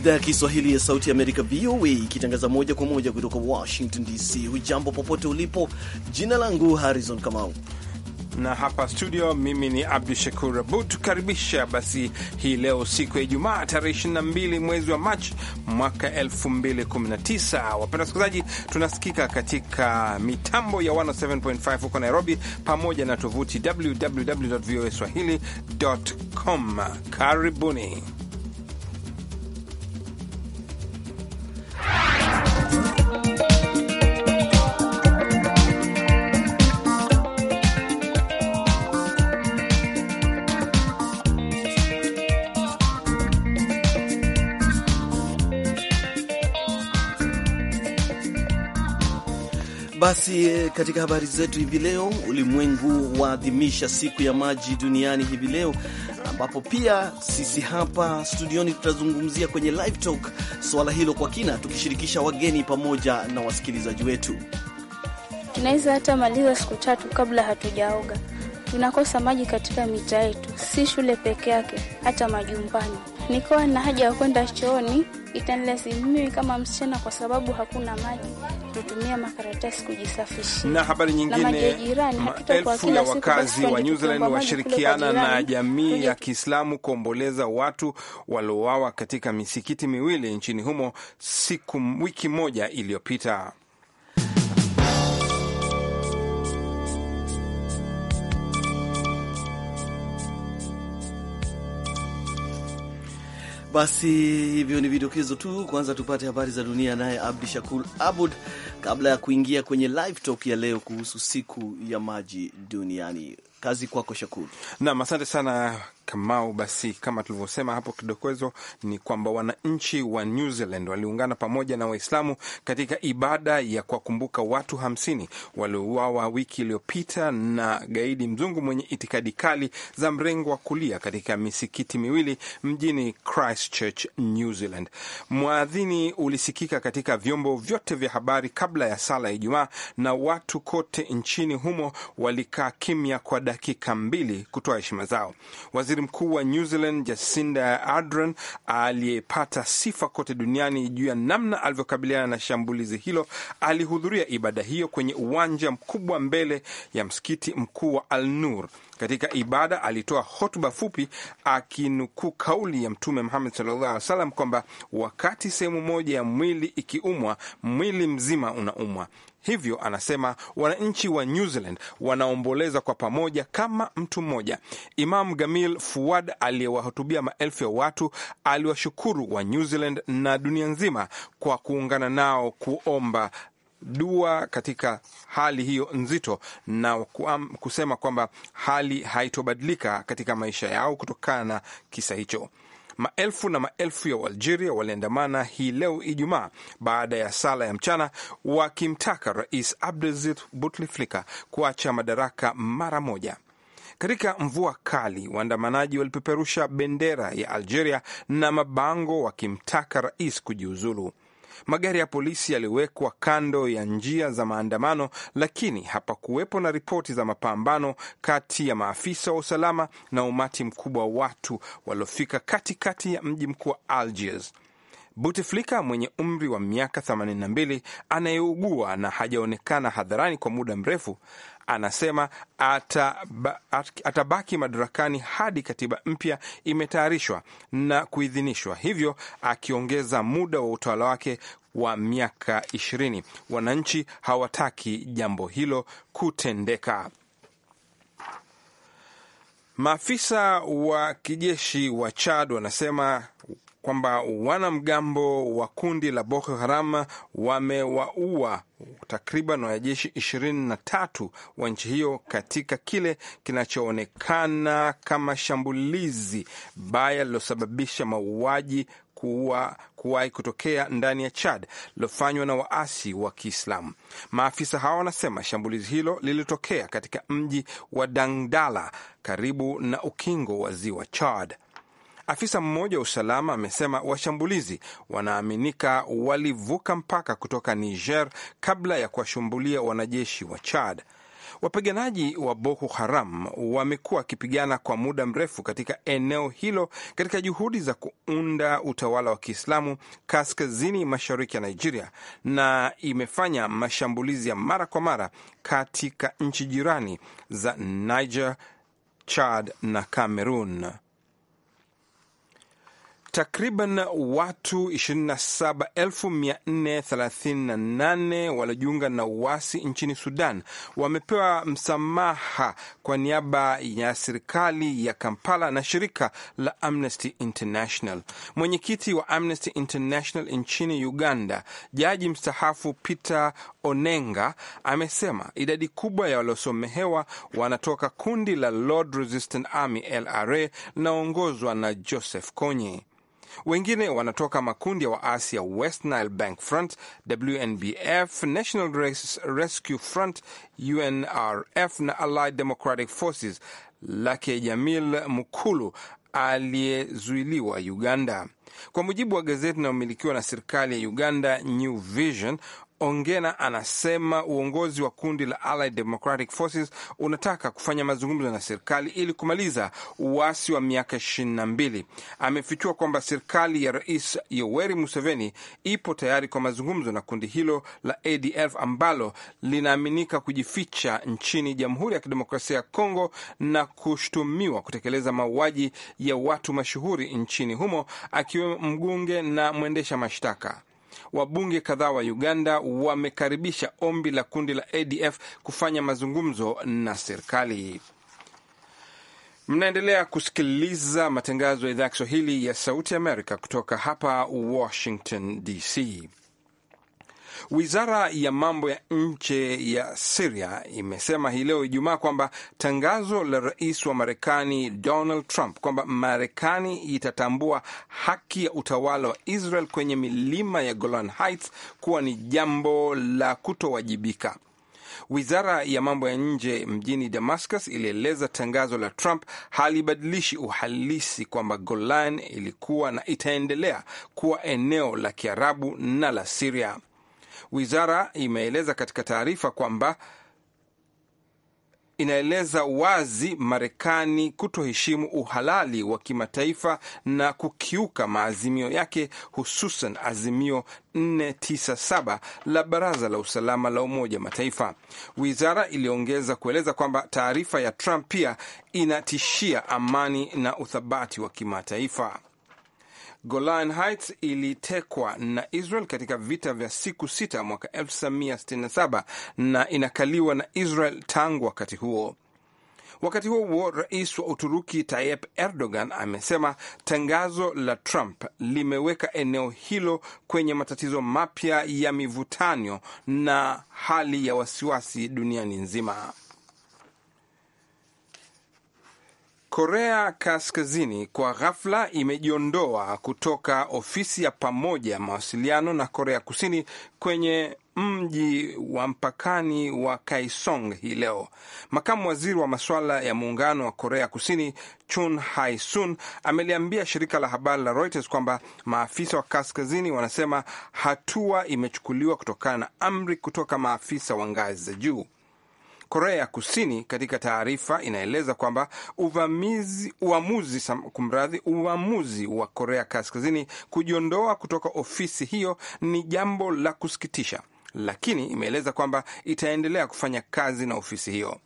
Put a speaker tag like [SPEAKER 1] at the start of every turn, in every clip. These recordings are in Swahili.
[SPEAKER 1] idhaa ya Kiswahili ya Sauti ya Amerika, VOA, ikitangaza moja kwa moja kutoka
[SPEAKER 2] Washington DC. Hujambo popote ulipo, jina langu Harrison Kamau na hapa studio, mimi ni Abdu Shakur Abud. Tukaribisha basi hii leo, siku ya Ijumaa tarehe 22 mwezi wa Machi mwaka 2019. Wapenda wasikilizaji, tunasikika katika mitambo ya 107.5 huko Nairobi, pamoja na tovuti www voa swahili com. Karibuni.
[SPEAKER 1] Basi eh, katika habari zetu hivi leo, ulimwengu waadhimisha siku ya maji duniani hivi leo, ambapo pia sisi hapa studioni tutazungumzia kwenye live talk swala hilo kwa kina, tukishirikisha wageni pamoja na wasikilizaji wetu.
[SPEAKER 3] Tunaweza hata maliza siku tatu kabla hatujaoga. Tunakosa maji katika mita yetu, si shule peke yake, hata majumbani nikawa na haja ya kwenda chooni, itanilazimiwi kama msichana, kwa sababu hakuna maji, tutumia makaratasi kujisafisha. Na habari nyingine, maelfu ya wakazi wa New Zealand washirikiana na jamii ya
[SPEAKER 2] Kiislamu kuomboleza watu waliouawa katika misikiti miwili nchini humo siku wiki moja iliyopita.
[SPEAKER 1] Basi hivyo ni vidokezo tu. Kwanza tupate habari za dunia, naye Abdi Shakur Abud, kabla ya kuingia kwenye live talk ya leo kuhusu siku ya maji duniani.
[SPEAKER 2] Kazi kwako Shakur. Naam, asante sana Kamau, basi kama tulivyosema hapo kidokezo, ni kwamba wananchi wa New Zealand waliungana pamoja na Waislamu katika ibada ya kuwakumbuka watu hamsini waliouawa wiki iliyopita na gaidi mzungu mwenye itikadi kali za mrengo wa kulia katika misikiti miwili mjini Christchurch, New Zealand. Mwadhini ulisikika katika vyombo vyote vya habari kabla ya sala ya Ijumaa, na watu kote nchini humo walikaa kimya kwa dakika mbili kutoa heshima zao Wazi Waziri Mkuu wa New Zealand Jacinda Ardern aliyepata sifa kote duniani juu ya namna alivyokabiliana na shambulizi hilo alihudhuria ibada hiyo kwenye uwanja mkubwa mbele ya msikiti mkuu wa Al Nur. Katika ibada alitoa hotuba fupi akinukuu kauli ya Mtume Muhammad sallallahu alaihi wasallam kwamba wakati sehemu moja ya mwili ikiumwa, mwili mzima unaumwa. Hivyo anasema wananchi wa New Zealand wanaomboleza kwa pamoja kama mtu mmoja. Imam Gamil Fuad aliyewahutubia maelfu ya watu aliwashukuru wa New Zealand na dunia nzima kwa kuungana nao kuomba dua katika hali hiyo nzito na kusema kwamba hali haitobadilika katika maisha yao kutokana na kisa hicho. Maelfu na maelfu ya Waalgeria waliandamana hii leo Ijumaa baada ya sala ya mchana, wakimtaka Rais Abdelaziz Bouteflika kuacha madaraka mara moja. Katika mvua kali, waandamanaji walipeperusha bendera ya Algeria na mabango wakimtaka rais kujiuzulu. Magari ya polisi yaliwekwa kando ya njia za maandamano, lakini hapakuwepo na ripoti za mapambano kati ya maafisa wa usalama na umati mkubwa wa watu waliofika katikati ya mji mkuu wa Algiers. buteflika mwenye umri wa miaka 82 anayeugua na hajaonekana hadharani kwa muda mrefu anasema atabaki madarakani hadi katiba mpya imetayarishwa na kuidhinishwa, hivyo akiongeza muda wa utawala wake wa miaka ishirini. Wananchi hawataki jambo hilo kutendeka. Maafisa wa kijeshi wa Chad wanasema kwamba wanamgambo wa kundi la Boko Haram wamewaua takriban wanajeshi ishirini na tatu wa nchi hiyo katika kile kinachoonekana kama shambulizi baya lilosababisha mauaji kuwa kuwahi kutokea ndani ya Chad lilofanywa na waasi wa Kiislamu. Maafisa hawa wanasema shambulizi hilo lilitokea katika mji wa Dangdala karibu na ukingo wa ziwa Chad. Afisa mmoja wa usalama amesema washambulizi wanaaminika walivuka mpaka kutoka Niger kabla ya kuwashambulia wanajeshi wa Chad. Wapiganaji wa Boko Haram wamekuwa wakipigana kwa muda mrefu katika eneo hilo katika juhudi za kuunda utawala wa Kiislamu kaskazini mashariki ya Nigeria, na imefanya mashambulizi ya mara kwa mara katika nchi jirani za Niger, Chad na Cameroon. Takriban watu 27438 waliojiunga na uasi nchini Sudan wamepewa msamaha kwa niaba ya serikali ya Kampala na shirika la Amnesty International. Mwenyekiti wa Amnesty International nchini Uganda, jaji mstahafu Peter Onenga, amesema idadi kubwa ya waliosomehewa wanatoka kundi la Lord Resistance Army, LRA, linaongozwa na Joseph Kony. Wengine wanatoka makundi ya waasi ya West Nile Bank Front, WNBF, National Rescue Front, UNRF na Allied Democratic Forces lake Jamil Mukulu aliyezuiliwa Uganda. Kwa mujibu wa gazeti linalomilikiwa na serikali ya Uganda, New Vision, Ongena anasema uongozi wa kundi la Allied Democratic Forces unataka kufanya mazungumzo na serikali ili kumaliza uasi wa miaka ishirini na mbili. Amefichua kwamba serikali ya Rais Yoweri Museveni ipo tayari kwa mazungumzo na kundi hilo la ADF ambalo linaaminika kujificha nchini Jamhuri ya Kidemokrasia ya Kongo na kushutumiwa kutekeleza mauaji ya watu mashuhuri nchini humo akiwemo mbunge na mwendesha mashtaka. Wabunge kadhaa wa Uganda wamekaribisha ombi la kundi la ADF kufanya mazungumzo na serikali. Mnaendelea kusikiliza matangazo ya idhaa ya Kiswahili ya Sauti Amerika kutoka hapa Washington DC. Wizara ya mambo ya nje ya Siria imesema hii leo Ijumaa kwamba tangazo la rais wa Marekani Donald Trump kwamba Marekani itatambua haki ya utawala wa Israel kwenye milima ya Golan Heights kuwa ni jambo la kutowajibika. Wizara ya mambo ya nje mjini Damascus ilieleza tangazo la Trump halibadilishi uhalisi kwamba Golan ilikuwa na itaendelea kuwa eneo la Kiarabu na la Siria. Wizara imeeleza katika taarifa kwamba inaeleza wazi Marekani kutoheshimu uhalali wa kimataifa na kukiuka maazimio yake, hususan azimio 497 la Baraza la Usalama la Umoja wa Mataifa. Wizara iliongeza kueleza kwamba taarifa ya Trump pia inatishia amani na uthabati wa kimataifa. Golan Heights ilitekwa na Israel katika vita vya siku sita mwaka 1967 na inakaliwa na Israel tangu wakati huo. Wakati huo huo, rais wa Uturuki Tayyip Erdogan amesema tangazo la Trump limeweka eneo hilo kwenye matatizo mapya ya mivutano na hali ya wasiwasi duniani nzima. Korea Kaskazini kwa ghafla imejiondoa kutoka ofisi ya pamoja ya mawasiliano na Korea Kusini kwenye mji wa mpakani wa Kaesong hii leo. Makamu waziri wa masuala ya muungano wa Korea Kusini Chun Hai Sun ameliambia shirika la habari la Reuters kwamba maafisa wa kaskazini wanasema hatua imechukuliwa kutokana na amri kutoka maafisa wa ngazi za juu. Korea ya Kusini katika taarifa inaeleza kwamba uvamizi, uamuzi kumradhi, uamuzi wa Korea Kaskazini kujiondoa kutoka ofisi hiyo ni jambo la kusikitisha, lakini imeeleza kwamba itaendelea kufanya kazi na ofisi hiyo.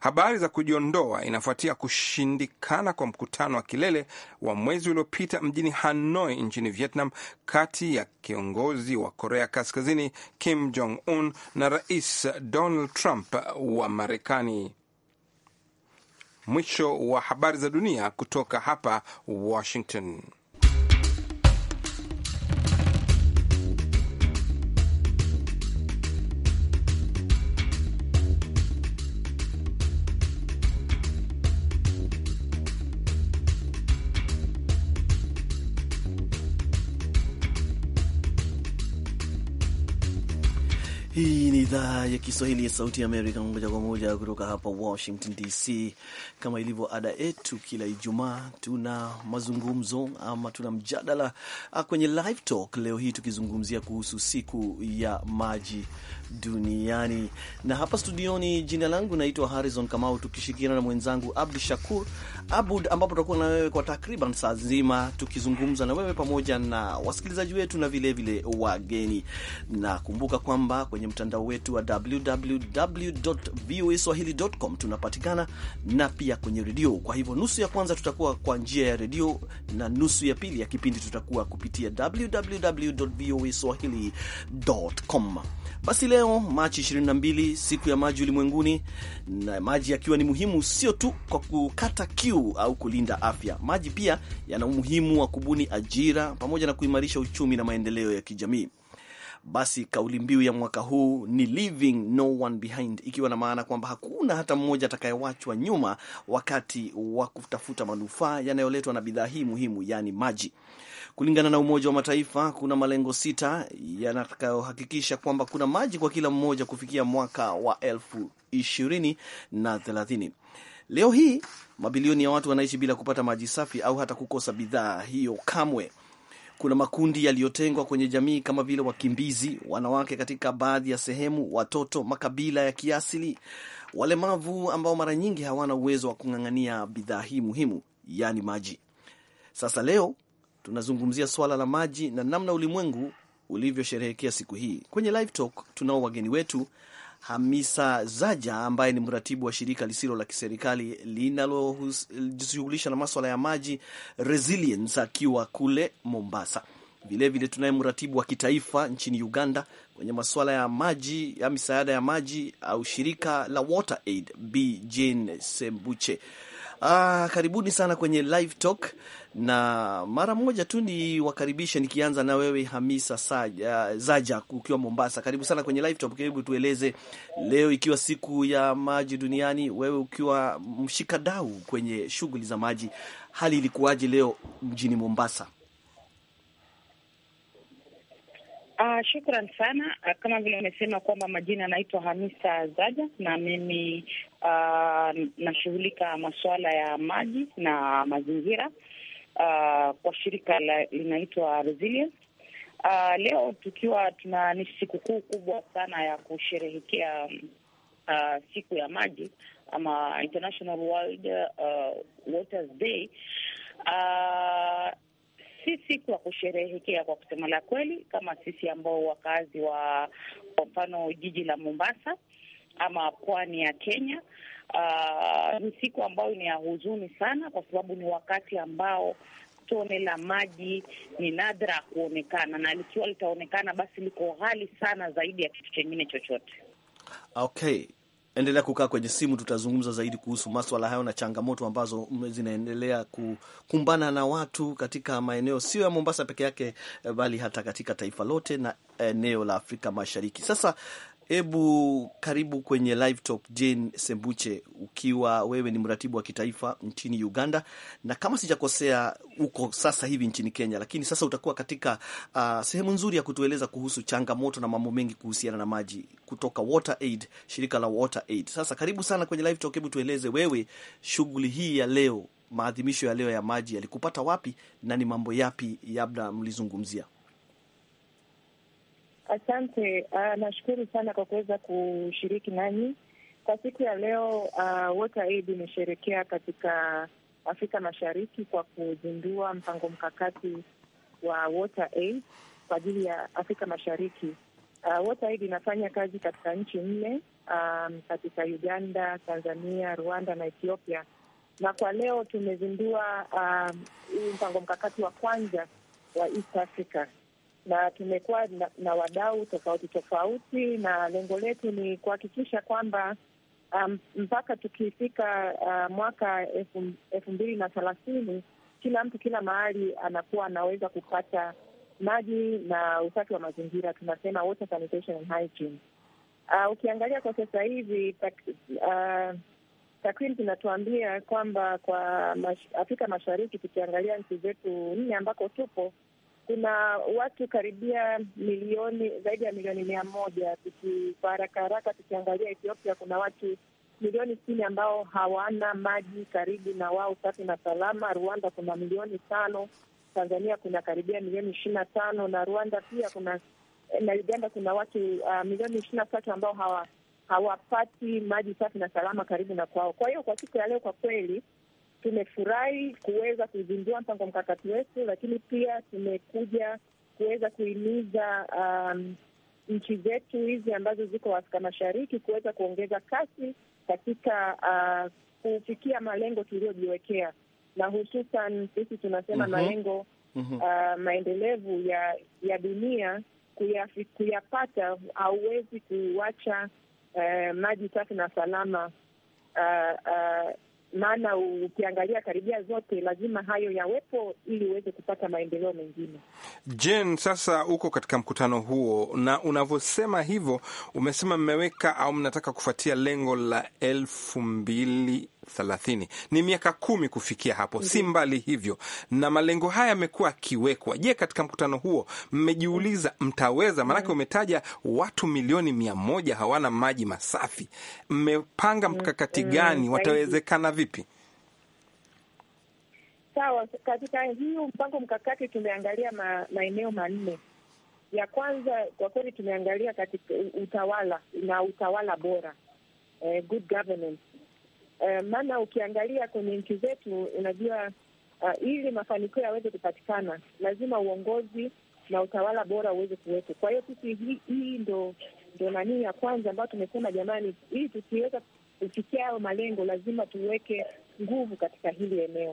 [SPEAKER 2] Habari za kujiondoa inafuatia kushindikana kwa mkutano wa kilele wa mwezi uliopita mjini Hanoi nchini Vietnam, kati ya kiongozi wa Korea Kaskazini Kim Jong Un na Rais Donald Trump wa Marekani. Mwisho wa habari za dunia kutoka hapa Washington.
[SPEAKER 1] Hii ni idhaa ya Kiswahili ya Sauti ya Amerika moja kwa moja kutoka hapa Washington DC. Kama ilivyo ada yetu, kila Ijumaa tuna mazungumzo ama tuna mjadala ah, kwenye Live Talk. Leo hii tukizungumzia kuhusu siku ya maji duniani. Na hapa studioni, jina langu naitwa Harrison Kamau, tukishirikiana na mwenzangu Abdu Shakur Abud, ambapo tutakuwa na wewe kwa takriban saa nzima tukizungumza na wewe pamoja na wasikilizaji wetu na vilevile vile wageni, na kumbuka kwamba kwenye mtandao wetu wa www.voaswahili.com tunapatikana na pia kwenye redio. Kwa hivyo nusu ya kwanza tutakuwa kwa njia ya redio na nusu ya pili ya kipindi tutakuwa kupitia www.voaswahili.com. Basi leo leo Machi 22, siku ya maji ulimwenguni, na maji yakiwa ni muhimu sio tu kwa kukata kiu au kulinda afya. Maji pia yana umuhimu wa kubuni ajira pamoja na kuimarisha uchumi na maendeleo ya kijamii. Basi kauli mbiu ya mwaka huu ni leaving no one behind, ikiwa na maana kwamba hakuna hata mmoja atakayewachwa nyuma wakati wa kutafuta manufaa yanayoletwa na bidhaa hii muhimu, yaani maji. Kulingana na Umoja wa Mataifa, kuna malengo sita yanayohakikisha kwamba kuna maji kwa kila mmoja kufikia mwaka wa elfu ishirini na thelathini. Leo hii mabilioni ya watu wanaishi bila kupata maji safi au hata kukosa bidhaa hiyo kamwe. Kuna makundi yaliyotengwa kwenye jamii kama vile wakimbizi, wanawake katika baadhi ya sehemu, watoto, makabila ya kiasili, walemavu ambao mara nyingi hawana uwezo wa kung'ang'ania bidhaa hii muhimu, yaani maji. Sasa leo tunazungumzia swala la maji na namna ulimwengu ulivyosherehekea siku hii. Kwenye Live Talk tunao wageni wetu Hamisa Zaja ambaye ni mratibu wa shirika lisilo la kiserikali linalojishughulisha na maswala ya maji Resilience akiwa kule Mombasa. Vilevile tunaye mratibu wa kitaifa nchini Uganda kwenye maswala ya maji ya misaada ya maji au shirika la WaterAid, Bi Jane Sembuche. Ah, karibuni sana kwenye live talk, na mara moja tu ni wakaribishe, nikianza na wewe Hamisa Saja, Zaja ukiwa Mombasa. Karibu sana kwenye live talk. Hebu tueleze leo, ikiwa siku ya maji duniani, wewe ukiwa mshikadau kwenye shughuli za maji, hali ilikuwaje leo mjini Mombasa?
[SPEAKER 4] Uh, shukran sana. Uh, kama vile amesema kwamba majina anaitwa Hamisa Zaja na mimi uh, nashughulika masuala ya maji na mazingira uh, kwa shirika linaitwa Resilience. Uh, leo tukiwa tuna ni sikukuu kubwa sana ya kusherehekea uh, siku ya maji ama International World uh, Waters Day uh, si siku ya kusherehekea kwa kusema la kweli, kama sisi ambao wakazi wa kwa mfano jiji la Mombasa ama pwani ya Kenya. Uh, ni siku ambayo ni ya huzuni sana, kwa sababu ni wakati ambao tone la maji ni nadra kuonekana, na likiwa litaonekana basi liko ghali sana zaidi ya kitu chengine chochote.
[SPEAKER 1] Okay, endelea kukaa kwenye simu, tutazungumza zaidi kuhusu maswala hayo na changamoto ambazo zinaendelea kukumbana na watu katika maeneo sio ya Mombasa peke yake, eh, bali hata katika taifa lote na eneo la Afrika Mashariki. Sasa Hebu karibu kwenye live talk, Jane Sembuche, ukiwa wewe ni mratibu wa kitaifa nchini Uganda, na kama sijakosea uko sasa hivi nchini Kenya, lakini sasa utakuwa katika uh, sehemu nzuri ya kutueleza kuhusu changamoto na mambo mengi kuhusiana na maji kutoka Aid, shirika la Aid. Sasa karibu sana kwenye live talk, hebu tueleze wewe, shughuli hii ya leo, maadhimisho ya leo ya maji yalikupata wapi na ni mambo yapi labda mlizungumzia?
[SPEAKER 4] Asante. Uh, nashukuru sana kwa kuweza kushiriki nanyi kwa siku ya leo. Uh, imesherekea katika Afrika Mashariki kwa kuzindua mpango mkakati wa Water Aid kwa ajili ya Afrika Mashariki. Uh, Water Aid inafanya kazi katika nchi nne, um, katika Uganda, Tanzania, Rwanda na Ethiopia, na kwa leo tumezindua huu um, mpango mkakati wa kwanza wa East Africa na tumekuwa na, na wadau tofauti tofauti, na lengo letu ni kuhakikisha kwamba um, mpaka tukifika uh, mwaka elfu mbili na thelathini kila mtu kila mahali anakuwa anaweza kupata maji na usafi wa mazingira, tunasema water sanitation and hygiene. Uh, ukiangalia kwa sasa hivi tak, uh, takwimu zinatuambia kwamba kwa mash, Afrika Mashariki tukiangalia nchi zetu nne ambako tupo kuna watu karibia milioni zaidi ya milioni mia moja. Kwa haraka haraka tukiangalia Ethiopia, kuna watu milioni sitini ambao hawana maji karibu na wao safi na salama. Rwanda kuna milioni tano, Tanzania kuna karibia milioni ishirini na tano na Rwanda pia kuna na Uganda kuna watu uh, milioni ishirini na tatu ambao hawa hawapati maji safi na salama karibu na kwao. Kwa hiyo kwa siku ya leo, kwa kweli tumefurahi kuweza kuzindua mpango mkakati wetu, lakini pia tumekuja kuweza kuhimiza um, nchi zetu hizi ambazo ziko Afrika Mashariki kuweza kuongeza kasi katika uh, kufikia malengo tuliyojiwekea, na hususan sisi tunasema mm -hmm. malengo mm -hmm. uh, maendelevu ya ya dunia kuyafi, kuyapata hauwezi kuacha uh, maji safi na salama uh, uh, maana ukiangalia karibia zote lazima hayo yawepo ili uweze kupata maendeleo mengine.
[SPEAKER 2] jen sasa uko katika mkutano huo, na unavyosema hivyo, umesema mmeweka au mnataka kufuatia lengo la elfu mbili thelathini. Ni miaka kumi kufikia hapo, si mbali hivyo, na malengo haya yamekuwa akiwekwa. Je, katika mkutano huo mmejiuliza mtaweza? Maanake mm. umetaja watu milioni mia moja hawana maji masafi. Mmepanga mm, mkakati mm, gani? Watawezekana vipi?
[SPEAKER 4] Sawa, katika hiyo mpango mkakati tumeangalia ma, maeneo manne. Ya kwanza kwa kweli tumeangalia katika utawala na utawala bora, eh, good governance Eh, maana ukiangalia kwenye nchi zetu unajua, uh, ili mafanikio yaweze kupatikana lazima uongozi na utawala bora uweze kuwepo. Kwa hiyo sisi hii hi ndo, ndo nanii ya kwanza ambayo tumesema jamani, ili tukiweza kufikia hayo malengo lazima tuweke nguvu katika hili eneo.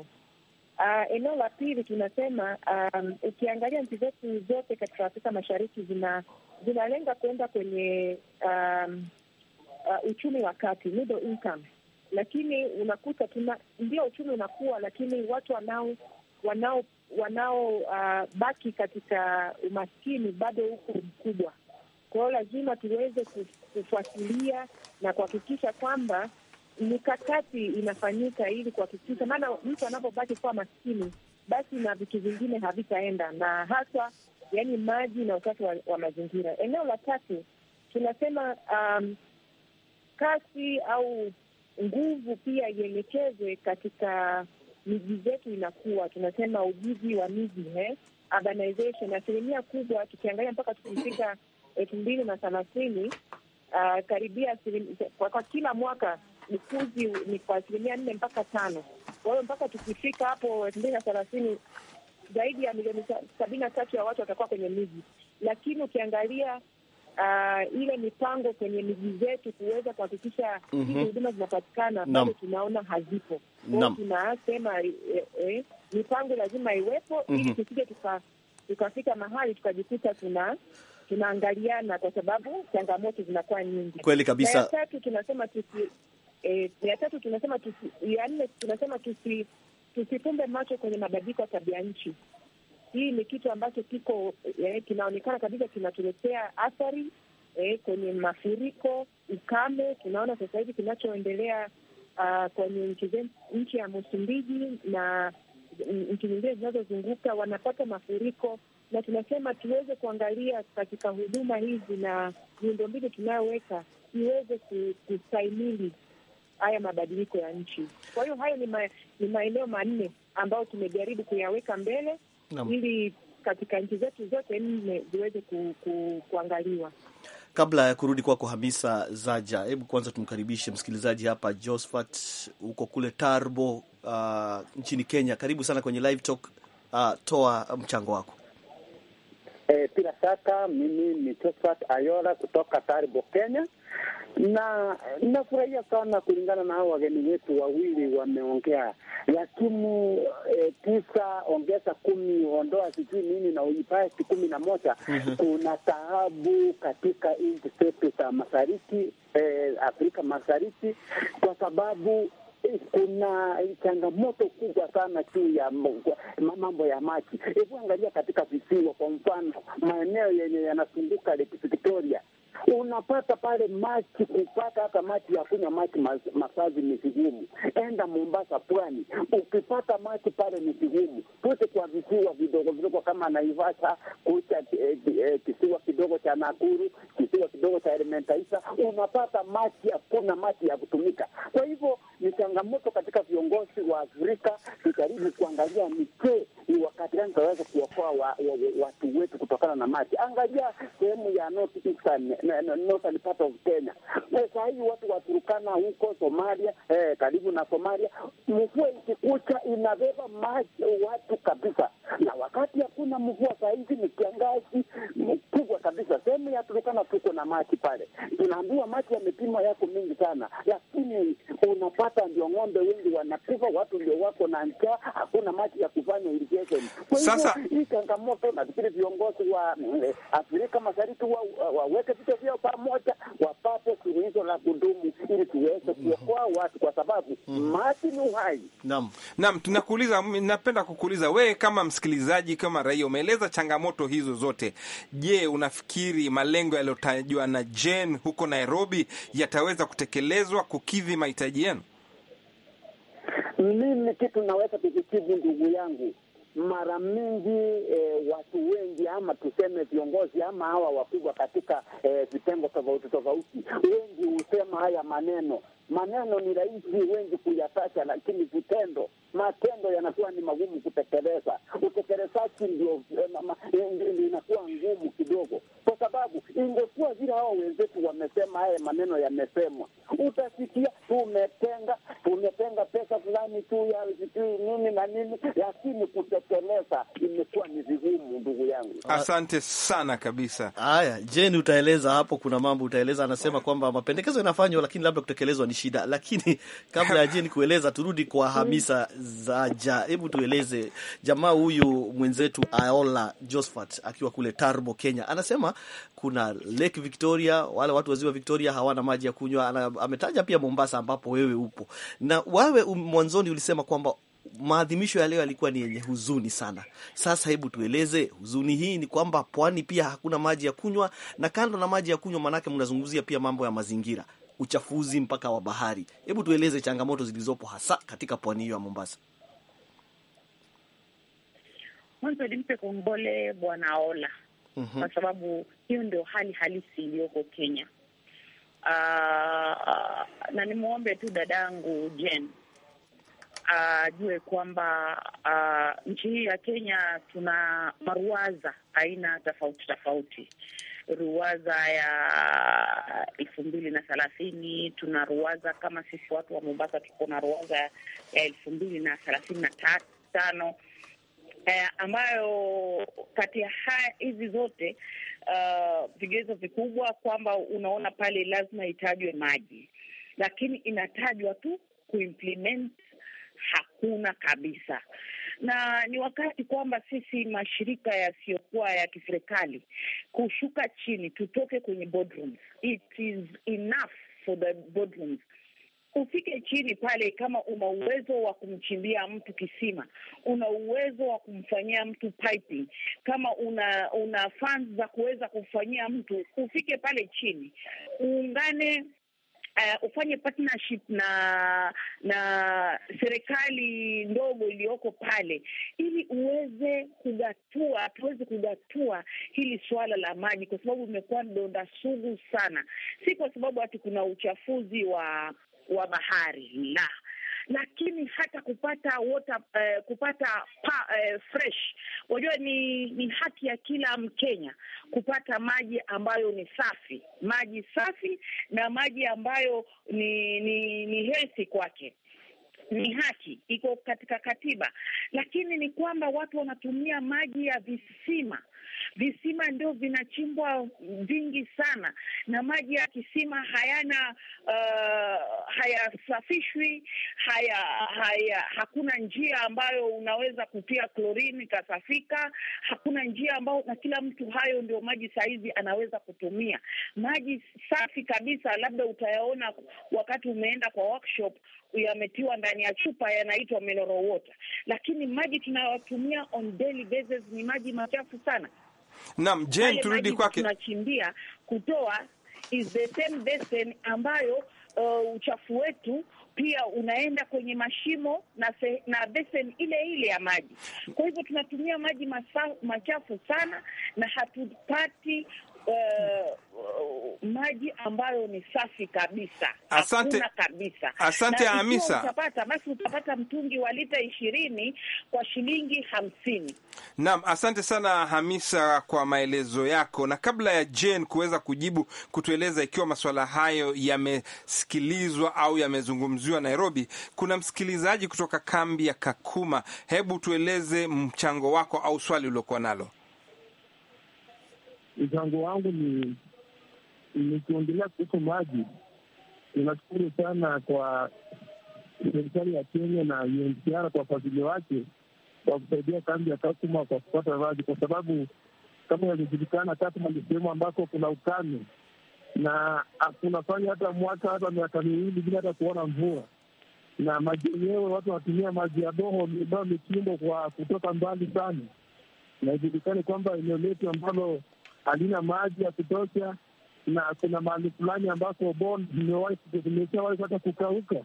[SPEAKER 4] Uh, eneo la pili tunasema, um, ukiangalia nchi zetu zote katika Afrika Mashariki zina zinalenga kuenda kwenye um, uh, uchumi wa kati middle income lakini unakuta tuna ndio uchumi unakuwa, lakini watu wanao wanao wanaobaki uh, katika umaskini bado huko mkubwa. Kwa hiyo lazima tuweze kufuatilia na kuhakikisha kwamba mikakati inafanyika ili kuhakikisha, maana mtu anapobaki kuwa maskini, basi na vitu vingine havitaenda na haswa, yani maji na usafi wa, wa mazingira. Eneo la tatu tunasema um, kasi au nguvu pia ielekezwe katika miji zetu, inakuwa tunasema ujiji wa miji eh, urbanization. Asilimia kubwa tukiangalia mpaka tukifika elfu mbili na thelathini uh, karibia kwa, kwa kila mwaka ukuzi ni kwa asilimia nne mpaka tano. Kwa hiyo mpaka tukifika hapo elfu mbili na thelathini zaidi ya milioni sabini na tatu ya watu watakuwa kwenye miji, lakini ukiangalia uh, ile mipango kwenye miji zetu kuweza kuhakikisha mm hizi -hmm. huduma zinapatikana bado tunaona hazipo. no. tunasema eh, eh, mipango lazima iwepo mm -hmm. ili mhm. tusije tukafika mahali tukajikuta tuna tunaangaliana kwa sababu changamoto zinakuwa nyingi. Kweli kabisa. Ya tatu tunasema tusi, eh, ya tatu tunasema tusi, ya nne tunasema tusi tusifumbe macho kwenye mabadiliko ya tabia nchi. Hii ni kitu ambacho kiko eh, kinaonekana kabisa kinatuletea athari eh, kwenye mafuriko, ukame. Tunaona sasa hivi kinachoendelea uh, kwenye nchi ya Msumbiji na nchi nyingine zinazozunguka wanapata mafuriko, na tunasema tuweze kuangalia katika huduma hizi na miundombinu tunayoweka iweze kustahimili haya mabadiliko ya nchi. Kwa hiyo hayo ni, ma, ni maeneo manne ambayo tumejaribu kuyaweka mbele ili katika nchi zetu zote nne ziweze ku, ku, kuangaliwa.
[SPEAKER 1] Kabla ya kurudi kwako Hamisa Zaja, hebu kwanza tumkaribishe msikilizaji hapa Josphat huko kule Tarbo, uh, nchini Kenya. Karibu sana kwenye live talk. Uh, toa mchango wako.
[SPEAKER 5] Eh, bila shaka mimi ni Josephat Ayola kutoka Taribo, Kenya, na nafurahia sana kulingana na hao wageni wetu wawili wameongea. timu eh, tisa ongeza kumi ondoa sijui nini na uipati kumi na moja. Mhm. Kuna taabu katika nchi zetu za mashariki eh, Afrika Mashariki kwa sababu kuna changamoto kubwa sana juu ya mambo ya maji. Hebu angalia katika visiwa, kwa mfano maeneo yenye yanazunguka Lake Victoria unapata pale maji kupata hata maji ya kunywa maji masazi ni vigumu. Enda Mombasa pwani, ukipata maji pale ni vigumu. Pute kwa visiwa vidogo vidogo kama Naivasha, kucha eh, eh, kisiwa kidogo cha Nakuru, kisiwa kidogo cha Elementaisa, unapata maji, hakuna maji ya kutumika. Kwa hivyo ni changamoto katika viongozi wa Afrika tujaribu kuangalia nike ni wakati gani tunaweza kuokoa wa, wa, wa, watu wetu kutokana na maji. Angalia sehemu ya North Eastern northern part of Kenya. Eh, kwa hii watu wa Turkana huko Somalia, eh, karibu na Somalia, mvua ikikucha inabeba maji watu kabisa, na wakati hakuna mvua, saa hizi ni kiangazi mkubwa kabisa. Sehemu ya Turkana tuko na maji pale, tunaambiwa maji yamepimwa yako mingi sana, lakini unapata ndio ng'ombe wengi wanakufa, watu ndio wako na njaa, hakuna maji ya kufanya irrigation. Kwa hivyo hii changamoto, nafikiri viongozi wa eh, Afrika Mashariki waweke wa, wa vichwa vyao pamoja, wapate suluhisho la kudumu ili tuweze kuokoa watu, kwa sababu mm. maji ni uhai.
[SPEAKER 2] Naam, naam, tunakuuliza, napenda kukuuliza wewe kama msikilizaji, kama raia, umeeleza changamoto hizo zote. Je, unafikiri malengo yaliyotajwa na Jen huko Nairobi yataweza kutekelezwa kukidhi mahitaji yenu?
[SPEAKER 5] Mimi kitu naweza kukikivu, ndugu yangu mara mingi e, watu wengi ama tuseme viongozi ama hawa wakubwa katika e, vitengo tofauti tofauti, wengi husema haya maneno Maneno ni rahisi wengi kuyataja, lakini vitendo, matendo yanakuwa ni magumu kutekeleza. Utekelezaji ndio eh, eh, inakuwa ngumu kidogo, kwa sababu ingekuwa vile hawa wenzetu wamesema, haya maneno yamesemwa, utasikia tumetenga, tumetenga pesa fulani tu ya sijui nini na nini, lakini kutekeleza imekuwa ni vigumu, ndugu
[SPEAKER 2] yangu.
[SPEAKER 1] Asante sana kabisa. Haya, je, ni utaeleza hapo, kuna mambo utaeleza. Anasema kwamba mapendekezo yanafanywa, lakini labda kutekelezwa ni shida, lakini kabla ya jeni kueleza, turudi kwa Hamisa Zaja. Hebu tueleze jamaa huyu mwenzetu Aola Josphat akiwa kule Tarbo, Kenya, anasema kuna Lake Victoria, wale watu wa ziwa Victoria hawana maji ya kunywa. Ametaja pia Mombasa ambapo wewe upo, na wewe um, mwanzoni ulisema kwamba maadhimisho ya leo yalikuwa ni yenye huzuni sana. Sasa hebu tueleze huzuni hii ni kwamba pwani pia hakuna maji ya kunywa, na kando na maji ya kunywa, maanake mnazungumzia pia mambo ya mazingira uchafuzi mpaka wa bahari. Hebu tueleze changamoto zilizopo hasa katika pwani hiyo ya Mombasa.
[SPEAKER 4] Mwanzo nimpe kongole Bwana Ola mm -hmm. kwa sababu hiyo ndio hali halisi iliyoko Kenya. Uh, na nimwombe tu dadangu Jen ah, ajue uh, kwamba uh, nchi hii ya Kenya tuna maruaza aina tofauti tofauti ruwaza ya elfu mbili na thelathini tuna ruwaza kama sisi watu wa Mombasa tuko na ruwaza ya elfu mbili na thelathini na tano eh, ambayo kati ya haya hizi zote uh, vigezo vikubwa kwamba unaona pale lazima itajwe maji, lakini inatajwa tu kuimplement hakuna kabisa na ni wakati kwamba sisi mashirika yasiyokuwa ya kiserikali kushuka chini, tutoke kwenye boardrooms. It is enough for the boardrooms. Ufike chini pale, kama una uwezo wa kumchimbia mtu kisima, una uwezo wa kumfanyia mtu piping, kama una una funds za kuweza kumfanyia mtu, ufike pale chini, uungane uh, ufanye partnership na na serikali ndogo iliyoko pale, ili uweze kugatua, tuweze kugatua hili suala la maji, kwa sababu imekuwa donda sugu sana, si kwa sababu hati kuna uchafuzi wa wa bahari la lakini hata kupata water, eh, kupata pa, eh, fresh. wajua ni, ni haki ya kila Mkenya kupata maji ambayo ni safi, maji safi na maji ambayo ni ni, ni healthy kwake ni haki iko katika katiba, lakini ni kwamba watu wanatumia maji ya visima Visima ndio vinachimbwa vingi sana, na maji ya kisima hayana uh, hayasafishwi, haya, haya, hakuna njia ambayo unaweza kutia klorini ikasafika, hakuna njia ambayo, na kila mtu hayo ndio maji sahizi anaweza kutumia maji safi kabisa, labda utayaona wakati umeenda kwa workshop yametiwa ndani ya chupa yanaitwa mineral water, lakini maji tunayotumia on daily basis ni maji machafu
[SPEAKER 2] sana. Naam, Jane, turudi kwake.
[SPEAKER 4] Tunachimbia kutoa is the same basin ambayo uh, uchafu wetu pia unaenda kwenye mashimo na se, na beseni ile ile ya maji. Kwa hivyo tunatumia maji machafu sana na hatupati uh, maji ambayo ni safi kabisa. Asante, kabisa. Asante Hamisa, utapata basi utapata mtungi wa lita ishirini kwa shilingi hamsini.
[SPEAKER 2] Naam, asante sana Hamisa kwa maelezo yako, na kabla ya Jane kuweza kujibu kutueleza ikiwa masuala hayo yamesikilizwa au yamezungumziwa Nairobi, kuna msikilizaji kutoka kambi ya Kakuma. Hebu tueleze mchango wako au swali uliokuwa nalo
[SPEAKER 6] mchango wangu ni nikiongelea kuhusu maji, ninashukuru sana kwa serikali ya Kenya na UNHCR kwa ufadhili wake kwa kusaidia kambi ya Kakuma kwa kupata maji, kwa sababu kama inavyojulikana, Kakuma ni sehemu ambako kuna ukame na kunafanya hata mwaka hata miaka miwili bila hata kuona mvua, na maji yenyewe watu wanatumia maji ya doho ambayo imechimbwa kwa kutoka mbali sana, naijulikane kwamba eneo letu ambalo halina maji ya kutosha, na kuna mahali fulani ambako boni zimeshawahi hata kukauka.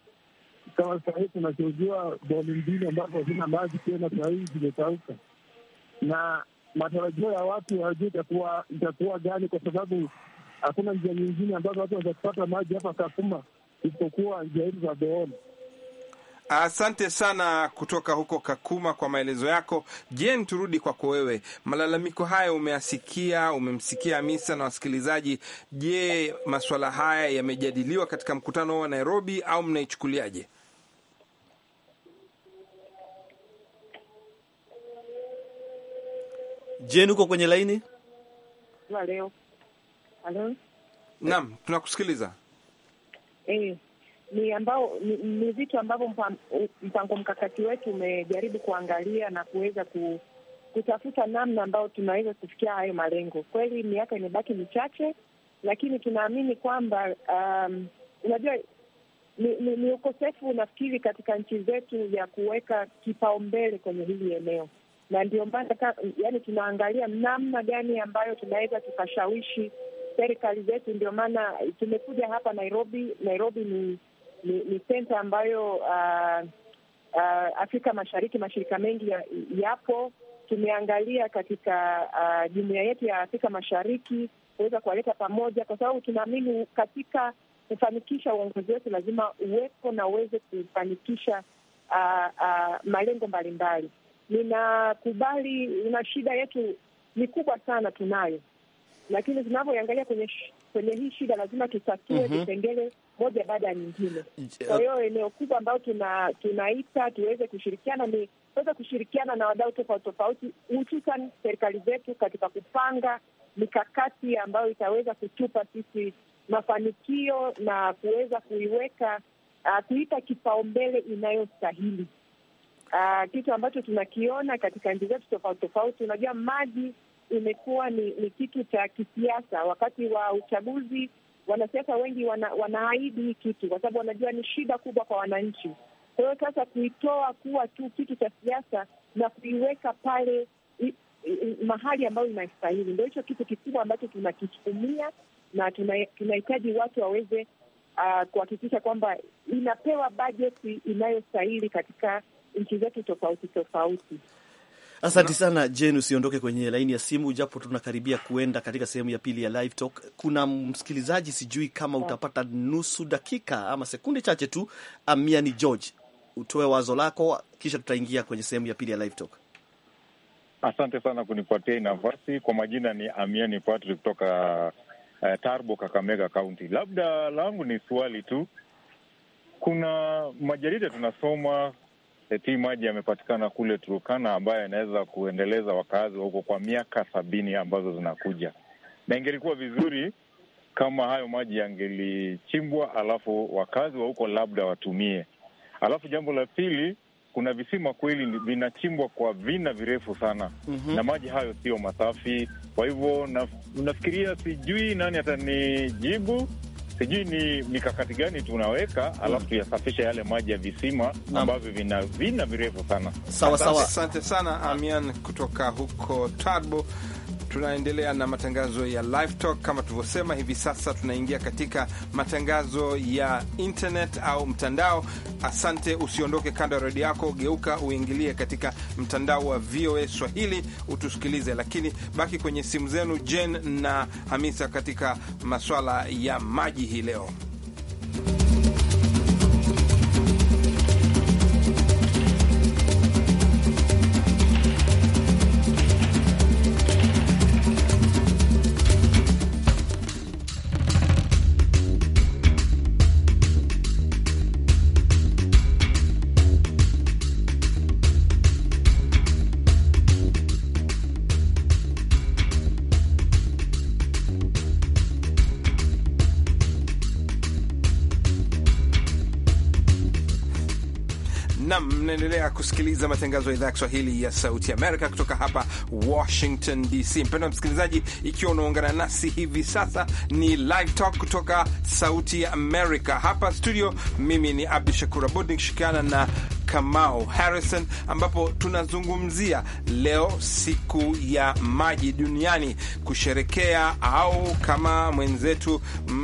[SPEAKER 6] Kama sahii tunachojua boni mbili ambazo hazina maji tena, sahii zimekauka, na matarajio ya watu hawajui itakuwa gani, kwa sababu hakuna njia nyingine ambazo watu wanaweza kupata maji hapa Kakuma isipokuwa njia hizi za booni.
[SPEAKER 2] Asante sana kutoka huko Kakuma kwa maelezo yako. Jen, turudi kwako wewe. Malalamiko haya umeasikia, umemsikia Misa na wasikilizaji. Je, masuala haya yamejadiliwa katika mkutano wa Nairobi au mnaichukuliaje? Jen, uko kwenye laini? Naam, tunakusikiliza.
[SPEAKER 4] Eh, ni ambao ni, ni vitu ambavyo mpango mkakati wetu umejaribu kuangalia na kuweza ku, kutafuta namna ambayo tunaweza kufikia hayo malengo. Kweli miaka imebaki michache, lakini tunaamini kwamba um, unajua ni, ni, ni ukosefu nafikiri katika nchi zetu ya kuweka kipaumbele kwenye hili eneo, na ndio maana yani tunaangalia namna gani ambayo tunaweza tukashawishi serikali zetu. Ndio maana tumekuja hapa Nairobi. Nairobi ni ni, ni senta ambayo uh, uh, Afrika Mashariki mashirika mengi ya, yapo. Tumeangalia katika uh, yetu ya Afrika Mashariki kuweza kuwaleta pamoja, kwa sababu tunaamini katika kufanikisha uongozi wetu lazima uwepo na uweze kufanikisha uh, uh, malengo mbalimbali. Ninakubali na shida yetu ni kubwa sana tunayo, lakini tunavyoiangalia kwenye, kwenye hii shida lazima tutatue vipengele mhm. mm -hmm moja baada ya nyingine. Kwa hiyo eneo kubwa ambayo tuna, tunaita tuweze kushirikiana ni kuweza kushirikiana na wadau tofauti tofauti, hususan serikali zetu katika kupanga mikakati ambayo itaweza kutupa sisi mafanikio na kuweza kuiweka uh, kuipa kipaumbele inayostahili. Uh, kitu ambacho tunakiona katika nchi zetu tofauti tofauti, unajua maji imekuwa ni, ni kitu cha kisiasa wakati wa uchaguzi wanasiasa wengi wana, wanaahidi hii kitu kwa sababu wanajua ni shida kubwa kwa wananchi. Kwa hiyo sasa kuitoa kuwa tu kitu cha siasa na kuiweka pale i, i, i, mahali ambayo inastahili, ndo hicho kitu kikubwa ambacho tunakitumia na tunahitaji watu waweze uh, kuhakikisha kwamba inapewa bajeti inayostahili katika nchi zetu tofauti tofauti.
[SPEAKER 1] Asante sana Jen, usiondoke kwenye laini ya simu, japo tunakaribia kuenda katika sehemu ya pili ya live talk. Kuna msikilizaji, sijui kama utapata nusu dakika ama sekunde chache tu. Amiani George, utoe wazo lako, kisha tutaingia kwenye sehemu ya pili ya live talk.
[SPEAKER 7] Asante sana kunipatia nafasi. Kwa majina ni Amiani Patrick kutoka uh, Tarbo, Kakamega Kaunti. Labda langu ni swali tu, kuna majarida tunasoma maji yamepatikana kule Turukana, ambayo anaweza kuendeleza wakazi wa huko kwa miaka sabini ambazo zinakuja, na ingelikuwa vizuri kama hayo maji yangelichimbwa, alafu wakazi wa huko labda watumie. Alafu jambo la pili, kuna visima kweli vinachimbwa kwa vina virefu sana mm -hmm. na maji hayo sio masafi. Kwa hivyo naf nafikiria, sijui nani atanijibu sijui ni mikakati gani tunaweka mm. Alafu tuyasafishe yale maji ya visima ambavyo vina vina virefu sana. Sawa sawa,
[SPEAKER 2] asante sana Amian kutoka huko tarbo Tunaendelea na matangazo ya Live Talk. Kama tulivyosema, hivi sasa tunaingia katika matangazo ya internet au mtandao. Asante, usiondoke kando ya redio yako, geuka uingilie katika mtandao wa VOA Swahili utusikilize, lakini baki kwenye simu zenu, Jen na Hamisa, katika maswala ya maji hii leo. na mnaendelea kusikiliza matangazo ya idhaa ya Kiswahili ya Sauti Amerika kutoka hapa Washington DC. Mpendwa msikilizaji, ikiwa unaungana nasi hivi sasa, ni Live Talk kutoka Sauti ya Amerika hapa studio. Mimi ni Abdu Shakur Abud nikishirikiana na Kamau Harrison, ambapo tunazungumzia leo siku ya maji duniani kusherekea, au kama mwenzetu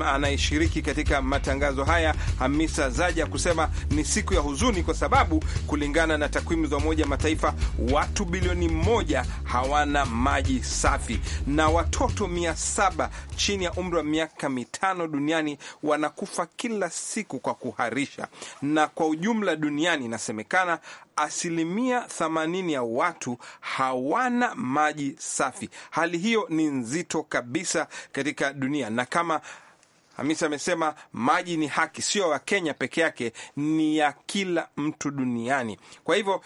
[SPEAKER 2] anayeshiriki katika matangazo haya Hamisa Zaja kusema ni siku ya huzuni, kwa sababu kulingana na takwimu za Umoja Mataifa watu bilioni moja hawana maji safi na watoto mia saba chini ya umri wa miaka mitano duniani wanakufa kila siku kwa kuharisha, na kwa ujumla duniani nas inasemekana asilimia 80 ya watu hawana maji safi. Hali hiyo ni nzito kabisa katika dunia, na kama Hamisi amesema maji ni haki, sio wakenya Kenya peke yake, ni ya kila mtu duniani. Kwa hivyo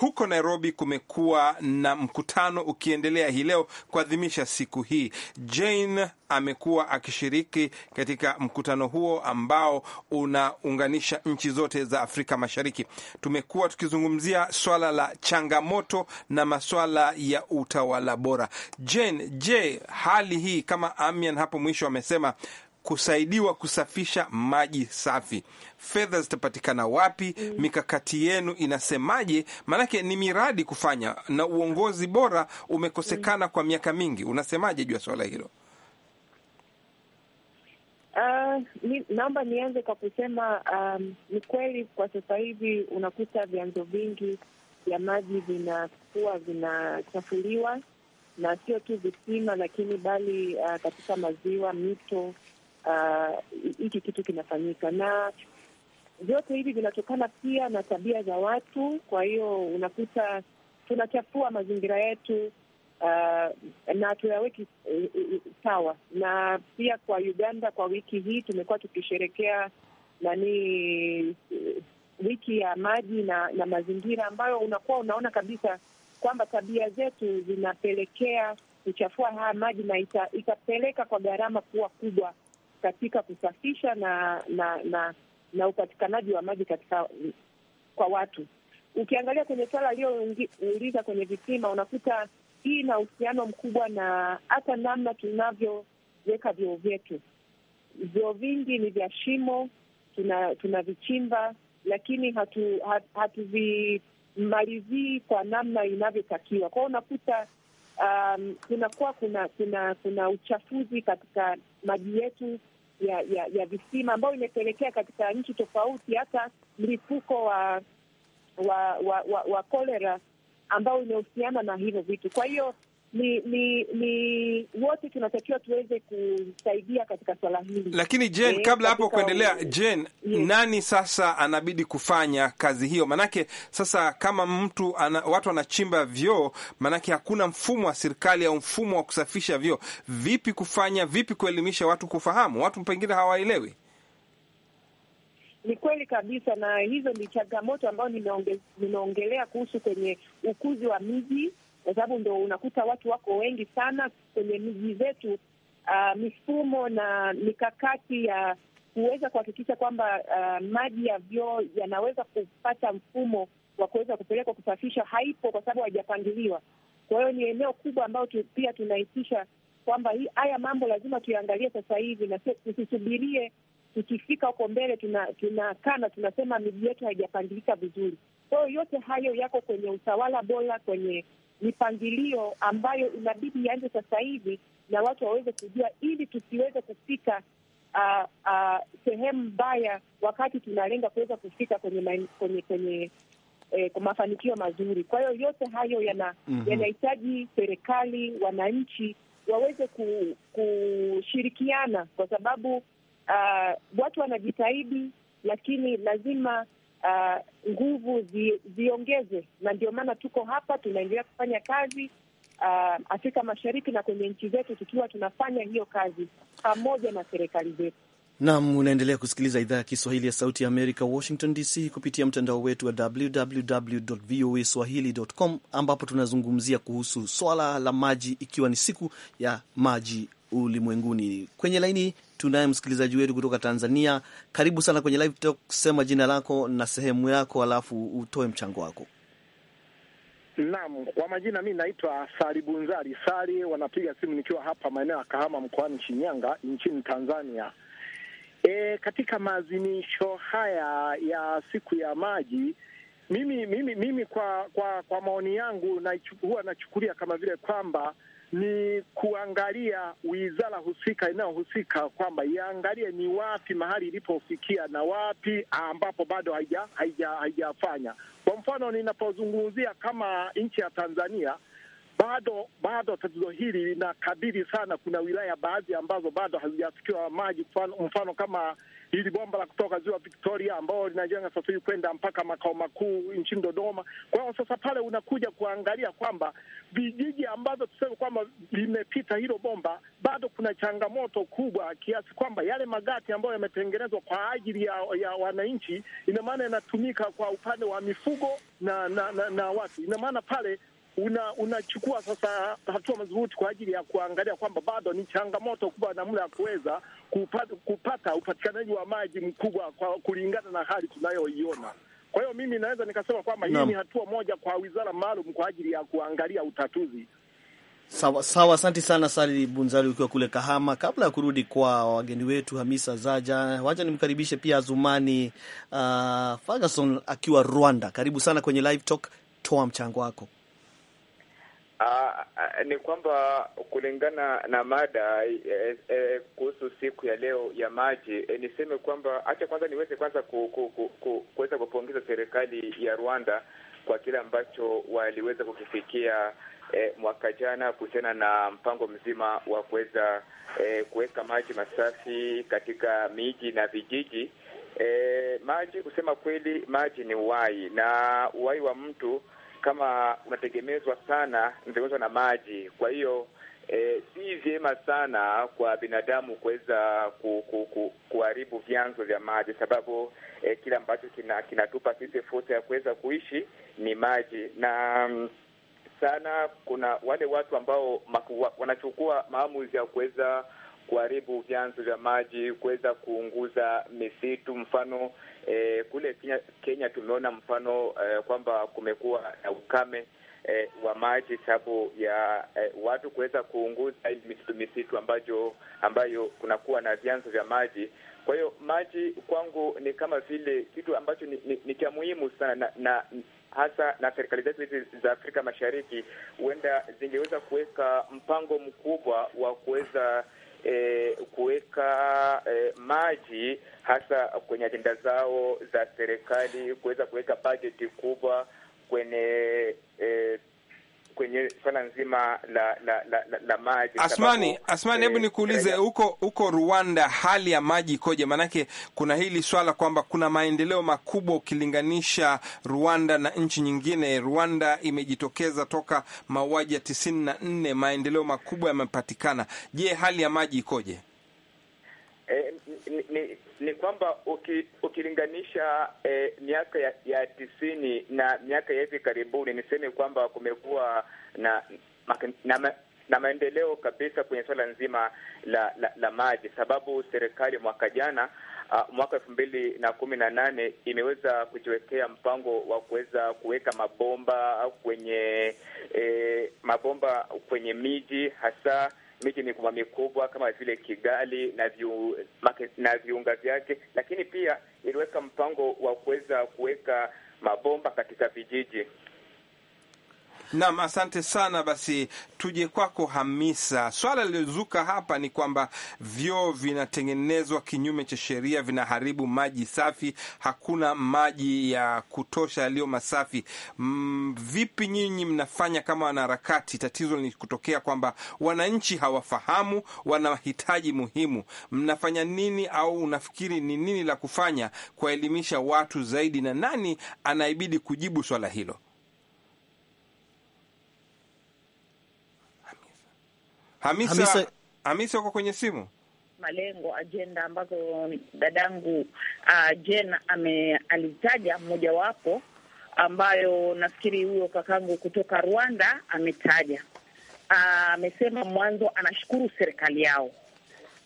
[SPEAKER 2] huko Nairobi kumekuwa na mkutano ukiendelea hii leo kuadhimisha siku hii. Jane amekuwa akishiriki katika mkutano huo ambao unaunganisha nchi zote za Afrika Mashariki. Tumekuwa tukizungumzia swala la changamoto na maswala ya utawala bora. Jane, je, hali hii kama Amian hapo mwisho amesema kusaidiwa kusafisha maji safi. Fedha zitapatikana wapi? Mm. Mikakati yenu inasemaje? Maanake ni miradi kufanya na uongozi bora umekosekana mm. kwa miaka mingi. Unasemaje juu ya swala hilo?
[SPEAKER 4] Uh, ah, ni, naomba nianze kwa kusema um, ni kweli kwa sasa hivi unakuta vyanzo vingi vya maji vinakuwa vinachafuliwa na sio tu visima, lakini bali uh, katika maziwa, mito Uh, hiki uh, kitu kinafanyika, na vyote hivi vinatokana pia na tabia za watu. Kwa hiyo unakuta tunachafua mazingira yetu uh, na tuyaweki uh, sawa. Na pia kwa Uganda, kwa wiki hii tumekuwa tukisherekea nani uh, wiki ya maji na, na mazingira ambayo unakuwa unaona kabisa kwamba tabia zetu zinapelekea kuchafua haya maji na ita, itapeleka kwa gharama kuwa kubwa katika kusafisha na na na, na upatikanaji wa maji katika kwa watu. Ukiangalia kwenye swala aliyouliza kwenye visima, unakuta hii ina uhusiano mkubwa na hata namna tunavyoweka vyoo vyetu. Vyoo vingi ni vya shimo, tunavichimba tuna lakini hatuvimalizii hatu, hatu kwa namna inavyotakiwa. Kwao unakuta um, kunakuwa kuna kuna kuna uchafuzi katika maji yetu ya ya, ya visima ambayo imepelekea katika nchi tofauti hata mlipuko wa wa wa, wa, wa kolera ambao imehusiana na hivyo vitu. Kwa hiyo ni, ni, ni wote tunatakiwa tuweze kusaidia katika swala hili. Lakini Jen, eh, kabla hapo kuendelea
[SPEAKER 2] Jen, yes. Nani sasa anabidi kufanya kazi hiyo? Maanake sasa kama mtu ana, watu wanachimba vyoo, maanake hakuna mfumo wa serikali au mfumo wa kusafisha vyoo. Vipi kufanya, vipi kuelimisha watu kufahamu? Watu pengine hawaelewi.
[SPEAKER 4] Ni kweli kabisa, na hizo ni changamoto ambayo nimeongelea kuhusu kwenye ukuzi wa miji kwa sababu ndo unakuta watu wako wengi sana kwenye miji zetu. Uh, mifumo na mikakati ya kuweza kuhakikisha kwamba uh, maji ya vyoo yanaweza kupata mfumo wa kuweza kupelekwa kusafisha haipo, kwa sababu haijapangiliwa. Kwa hiyo ni eneo kubwa ambayo tu, pia tunahisisha kwamba haya mambo lazima tuyaangalie sasa hivi na tusisubirie tukifika huko mbele tunakaa tuna, na tunasema miji yetu haijapangilika vizuri. Kwa hiyo yote hayo yako kwenye utawala bora, kwenye mipangilio ambayo inabidi ianze sasa hivi na watu waweze kujua, ili tusiweze kufika uh, uh, sehemu mbaya, wakati tunalenga kuweza kufika kwenye main, kwenye, kwenye eh, kwa mafanikio mazuri. Kwa hiyo yote hayo mhm. yanahitaji mm -hmm. serikali, wananchi waweze ku, kushirikiana kwa sababu uh, watu wanajitahidi, lakini lazima uh, nguvu zi, ziongezwe, na ndio maana tuko hapa tunaendelea kufanya kazi uh, Afrika Mashariki na kwenye nchi zetu, tukiwa tunafanya hiyo kazi pamoja na serikali zetu.
[SPEAKER 1] Nam, unaendelea kusikiliza idhaa ya Kiswahili ya Sauti ya Amerika, Washington DC, kupitia mtandao wetu wa www voa swahili.com, ambapo tunazungumzia kuhusu swala la maji, ikiwa ni siku ya maji ulimwenguni. Kwenye laini Tunaye msikilizaji wetu kutoka Tanzania. Karibu sana kwenye Live Talk, sema jina lako na sehemu yako, alafu utoe mchango wako.
[SPEAKER 8] Naam, kwa majina mi naitwa Sari Bunzari Sari, wanapiga simu nikiwa hapa maeneo ya Kahama mkoani Shinyanga nchini Tanzania. E, katika maadhimisho haya ya siku ya maji mimi mimi mimi kwa kwa, kwa maoni yangu na, huwa nachukulia kama vile kwamba ni kuangalia wizara husika inayohusika kwamba iangalie ni wapi mahali ilipofikia na wapi ambapo bado haijafanya haija, haija. Kwa mfano ninapozungumzia kama nchi ya Tanzania bado bado tatizo hili linakabili sana. Kuna wilaya baadhi ambazo bado hazijafikiwa maji, mfano kama hili bomba la kutoka ziwa Victoria ambao linajenga sasa hivi kwenda mpaka makao makuu nchini Dodoma. Kwa hiyo sasa pale unakuja kuangalia kwamba vijiji ambavyo tuseme kwamba vimepita hilo bomba, bado kuna changamoto kubwa kiasi kwamba yale magati ambayo yametengenezwa kwa ajili ya, ya wananchi, ina maana yanatumika kwa upande wa mifugo na, na, na, na watu, ina maana pale unachukua una sasa hatua madhubuti kwa ajili ya kuangalia kwamba bado ni changamoto kubwa namna ya kuweza kupata, kupata upatikanaji wa maji mkubwa kwa kulingana na hali tunayoiona. Kwa hiyo mimi naweza nikasema kwamba hii ni hatua moja kwa wizara maalum kwa ajili ya kuangalia utatuzi.
[SPEAKER 1] Sawa sawa, asante sana Sali Bunzali ukiwa kule Kahama. Kabla ya kurudi kwa wageni wetu Hamisa Zaja, wacha nimkaribishe pia Azumani uh, Ferguson akiwa Rwanda. Karibu sana kwenye Live Talk, toa mchango wako.
[SPEAKER 7] Aa, ah, ah, ni kwamba kulingana na mada e, e, kuhusu siku ya leo ya maji e, niseme kwamba hacha kwanza niweze kwanza ku, ku, ku, ku, kuweza kupongeza serikali ya Rwanda kwa kile ambacho waliweza kukifikia e, mwaka jana kuhusiana na mpango mzima wa kuweza e, kuweka maji masafi katika miji na vijiji. E, maji kusema kweli, maji ni uhai na uhai wa mtu kama unategemezwa sana, unategemezwa na maji. Kwa hiyo e, si vyema sana kwa binadamu kuweza ku, ku, ku, kuharibu vyanzo vya maji, sababu e, eh, kile ambacho kinatupa kina sisi fursa ya kuweza kuishi ni maji na mm, sana kuna wale watu ambao wanachukua maamuzi ya kuweza kuharibu vyanzo vya maji, kuweza kuunguza misitu. Mfano E, kule Kenya, Kenya tumeona mfano e, kwamba kumekuwa na ukame e, wa maji sababu ya e, watu kuweza kuunguza ili misitu misitu ambayo, ambayo kunakuwa na vyanzo vya maji. Kwa hiyo maji kwangu ni kama vile kitu ambacho ni, ni, ni cha muhimu sana na, na hasa na serikali zetu hizi za Afrika Mashariki huenda zingeweza kuweka mpango mkubwa wa kuweza e, kuweka e, maji hasa kwenye ajenda zao za serikali, kuweza kuweka bajeti kubwa kwenye e, kwenye swala nzima la la, la, la, la maji. Asmani,
[SPEAKER 2] Asmani, hebu eh, nikuulize eh, huko huko Rwanda hali ya maji ikoje? Maanake kuna hili swala kwamba kuna maendeleo makubwa ukilinganisha Rwanda na nchi nyingine. Rwanda imejitokeza toka mauaji ya tisini na nne, maendeleo makubwa yamepatikana. Je, hali ya maji ikoje?
[SPEAKER 7] Eh, ni, ni, ni kwamba ukilinganisha eh, miaka ya, ya tisini na miaka ya hivi karibuni, niseme kwamba kumekuwa na, na, na na maendeleo kabisa kwenye suala nzima la, la, la maji, sababu serikali mwaka jana uh, mwaka elfu mbili na kumi na nane imeweza kujiwekea mpango wa kuweza kuweka mabomba kwenye eh, mabomba kwenye miji hasa miji mikubwa mikubwa kama vile Kigali na viu, make, na viunga vyake, lakini pia iliweka mpango wa kuweza kuweka mabomba katika vijiji
[SPEAKER 2] Naam, asante sana. Basi tuje kwako Hamisa. Swala lililozuka hapa ni kwamba vyoo vinatengenezwa kinyume cha sheria, vinaharibu maji safi, hakuna maji ya kutosha yaliyo masafi. Mm, vipi nyinyi mnafanya kama wanaharakati? Tatizo ni kutokea kwamba wananchi hawafahamu wana mahitaji muhimu. Mnafanya nini au unafikiri ni nini la kufanya kuwaelimisha watu zaidi, na nani anaibidi kujibu swala hilo? Hamisa, Hamisa... Hamisa uko kwenye simu
[SPEAKER 4] malengo ajenda ambazo dadangu uh, ah, Jen ame- alitaja mmojawapo ambayo nafikiri huyo kakangu kutoka Rwanda ametaja. Ah, amesema uh, mwanzo anashukuru serikali yao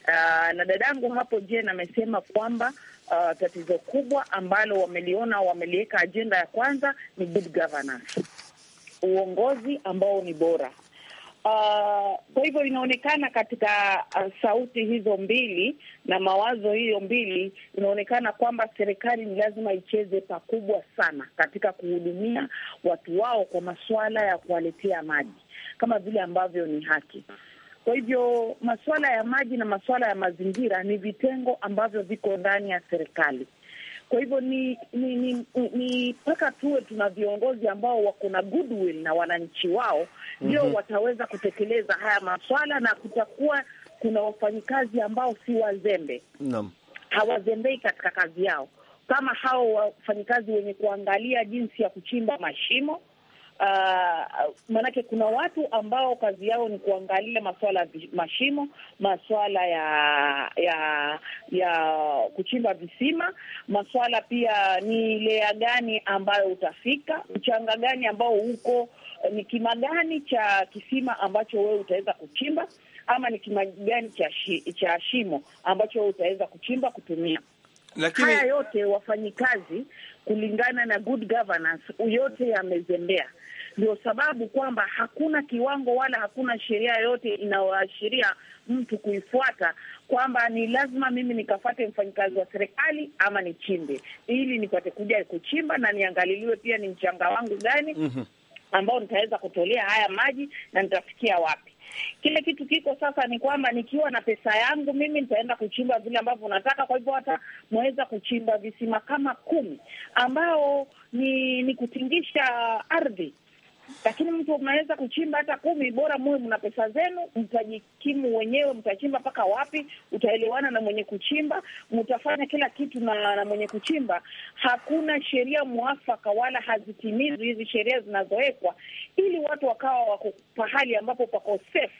[SPEAKER 4] uh, na dadangu hapo Jen amesema kwamba uh, tatizo kubwa ambalo wameliona wameliweka ajenda ya kwanza ni good governance, uongozi ambao ni bora Ah, kwa hivyo inaonekana katika uh, sauti hizo mbili na mawazo hiyo mbili, inaonekana kwamba serikali ni lazima icheze pakubwa sana katika kuhudumia watu wao kwa masuala ya kuwaletea maji kama vile ambavyo ni haki. Kwa hivyo masuala ya maji na masuala ya mazingira ni vitengo ambavyo viko ndani ya serikali. Kwa hivyo ni ni ni, ni mpaka tuwe tuna viongozi ambao wako na goodwill na wananchi wao ndio mm -hmm. wataweza kutekeleza haya maswala, na kutakuwa kuna wafanyikazi ambao si wazembe no. hawazembei katika kazi yao, kama hao wafanyikazi wenye kuangalia jinsi ya kuchimba mashimo uh, maanake kuna watu ambao kazi yao ni kuangalia maswala ya mashimo, maswala ya ya ya kuchimba visima, maswala pia ni lea gani ambayo utafika, mchanga gani ambao uko, ni kima gani cha kisima ambacho wewe utaweza kuchimba, ama ni kima gani cha, shi, cha shimo ambacho wewe utaweza kuchimba kutumia lakini haya yote wafanyikazi, kulingana na good governance, yote yamezembea. Ndio sababu kwamba hakuna kiwango wala hakuna sheria yoyote inayoashiria mtu kuifuata kwamba ni lazima mimi nikafate mfanyikazi wa serikali ama nichimbe, ili nipate kuja kuchimba na niangaliliwe pia ni mchanga wangu gani mm -hmm ambao nitaweza kutolea haya maji na nitafikia wapi. Kile kitu kiko sasa ni kwamba nikiwa na pesa yangu mimi nitaenda kuchimba vile ambavyo nataka. Kwa hivyo hata mweza kuchimba visima kama kumi ambao ni, ni kutingisha ardhi lakini mtu unaweza kuchimba hata kumi, bora muwe mna pesa zenu, mtajikimu wenyewe, mtachimba mpaka wapi, utaelewana na mwenye kuchimba, mtafanya kila kitu na, na mwenye kuchimba. Hakuna sheria mwafaka wala hazitimizwi hizi sheria zinazowekwa, ili watu wakawa wako pahali ambapo pako safe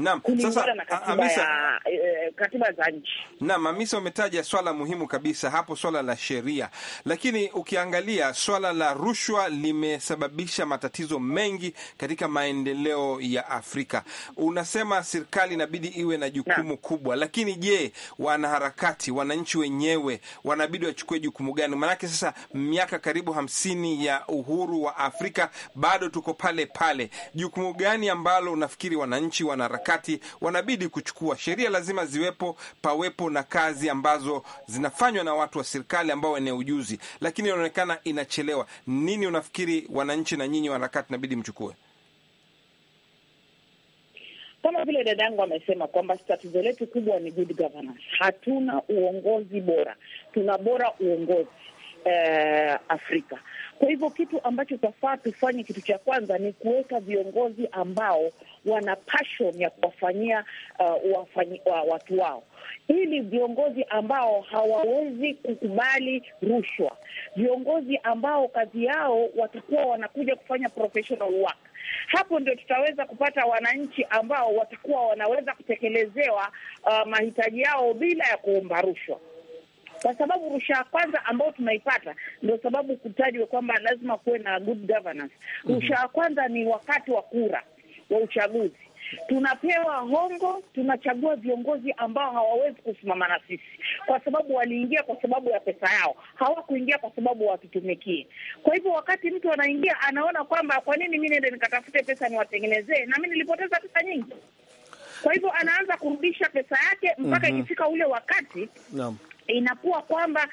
[SPEAKER 2] Naam, sasa Hamisa,
[SPEAKER 4] katiba, eh, katiba za nchi.
[SPEAKER 2] Naam, Hamisa, umetaja swala muhimu kabisa hapo, swala la sheria, lakini ukiangalia swala la rushwa limesababisha matatizo mengi katika maendeleo ya Afrika. Unasema serikali inabidi iwe na jukumu na kubwa, lakini je, wanaharakati, wananchi wenyewe wanabidi wachukue jukumu gani? Maanake sasa miaka karibu hamsini ya uhuru wa Afrika bado tuko pale pale. Jukumu gani ambalo unafikiri wananchi, wanaharakati wakati wanabidi kuchukua. Sheria lazima ziwepo, pawepo na kazi ambazo zinafanywa na watu wa serikali ambao wana ujuzi, lakini inaonekana inachelewa. Nini unafikiri wananchi na nyinyi wanaharakati inabidi mchukue?
[SPEAKER 4] Kama vile dadangu amesema kwamba tatizo letu kubwa ni good governance. Hatuna uongozi bora, tuna bora uongozi eh, Afrika. Kwa hivyo kitu ambacho tafaa tufanye, kitu cha kwanza ni kuweka viongozi ambao wana passion ya kuwafanyia uh, eh, wafany, wa, watu wao, ili viongozi ambao hawawezi kukubali rushwa, viongozi ambao kazi yao watakuwa wanakuja kufanya professional work. Hapo ndio tutaweza kupata wananchi ambao watakuwa wanaweza kutekelezewa uh, mahitaji yao bila ya kuomba rushwa kwa sababu rusha ya kwanza ambayo tunaipata ndio sababu kutajwa kwamba lazima kuwe na good governance. Mhm. Rusha ya kwanza ni wakati wa kura wa uchaguzi, tunapewa hongo, tunachagua viongozi ambao hawawezi kusimama na sisi, kwa sababu waliingia kwa sababu ya pesa yao, hawakuingia kwa sababu watutumikie. Kwa hivyo wakati mtu anaingia anaona kwamba kwa nini mi niende nikatafute pesa niwatengenezee, na mi nilipoteza pesa nyingi. Kwa hivyo anaanza kurudisha pesa yake mpaka mm -hmm. ikifika ule wakati no inakuwa kwamba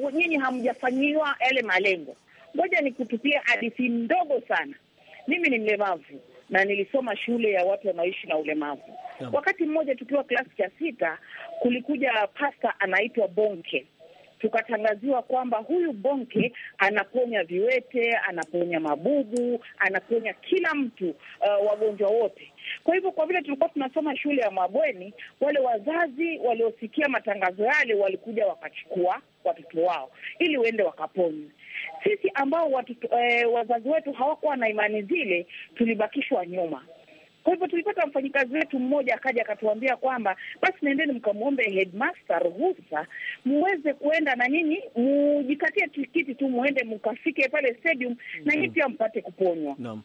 [SPEAKER 4] uh, nyinyi hamjafanyiwa yale malengo. Ngoja nikutupia hadithi ndogo sana. Mimi ni mlemavu na nilisoma shule ya watu wanaoishi na ulemavu. Wakati mmoja tukiwa klasi cha sita, kulikuja pasta anaitwa Bonke tukatangaziwa kwamba huyu Bonke anaponya viwete, anaponya mabubu, anaponya kila mtu, uh, wagonjwa wote. Kwa hivyo, kwa vile tulikuwa tunasoma shule ya mabweni, wale wazazi waliosikia matangazo yale walikuja wakachukua watoto wao ili waende wakaponywe. Sisi ambao watoto, eh, wazazi wetu hawakuwa na imani zile tulibakishwa nyuma. Kwa hivyo tulipata mfanyikazi wetu mmoja akaja akatuambia kwamba basi naendeni mkamwombe headmaster ruhusa muweze kuenda na nyinyi mujikatie tikiti tu muende mkafike pale stadium mm -hmm. na nyinyi pia mpate kuponywa. Naam.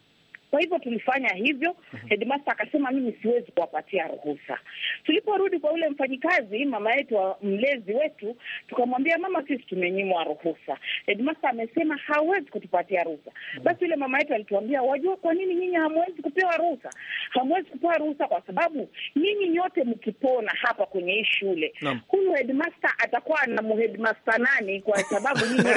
[SPEAKER 4] Kwa hivyo tulifanya hivyo. Mhm. Headmaster akasema mimi siwezi kuwapatia ruhusa. Tuliporudi kwa ule mfanyikazi, mama yetu mlezi wetu, tukamwambia mama, sisi tumenyimwa ruhusa, headmaster amesema hawezi kutupatia ruhusa. Mhm. Basi yule mama yetu alituambia, wajua kwa nini nyinyi hamwezi kupewa ruhusa? Hamwezi kupewa ruhusa kwa sababu nyinyi nyote mkipona hapa kwenye hii shule, huyu headmaster atakuwa na muheadmaster nani? Kwa sababu nyinyi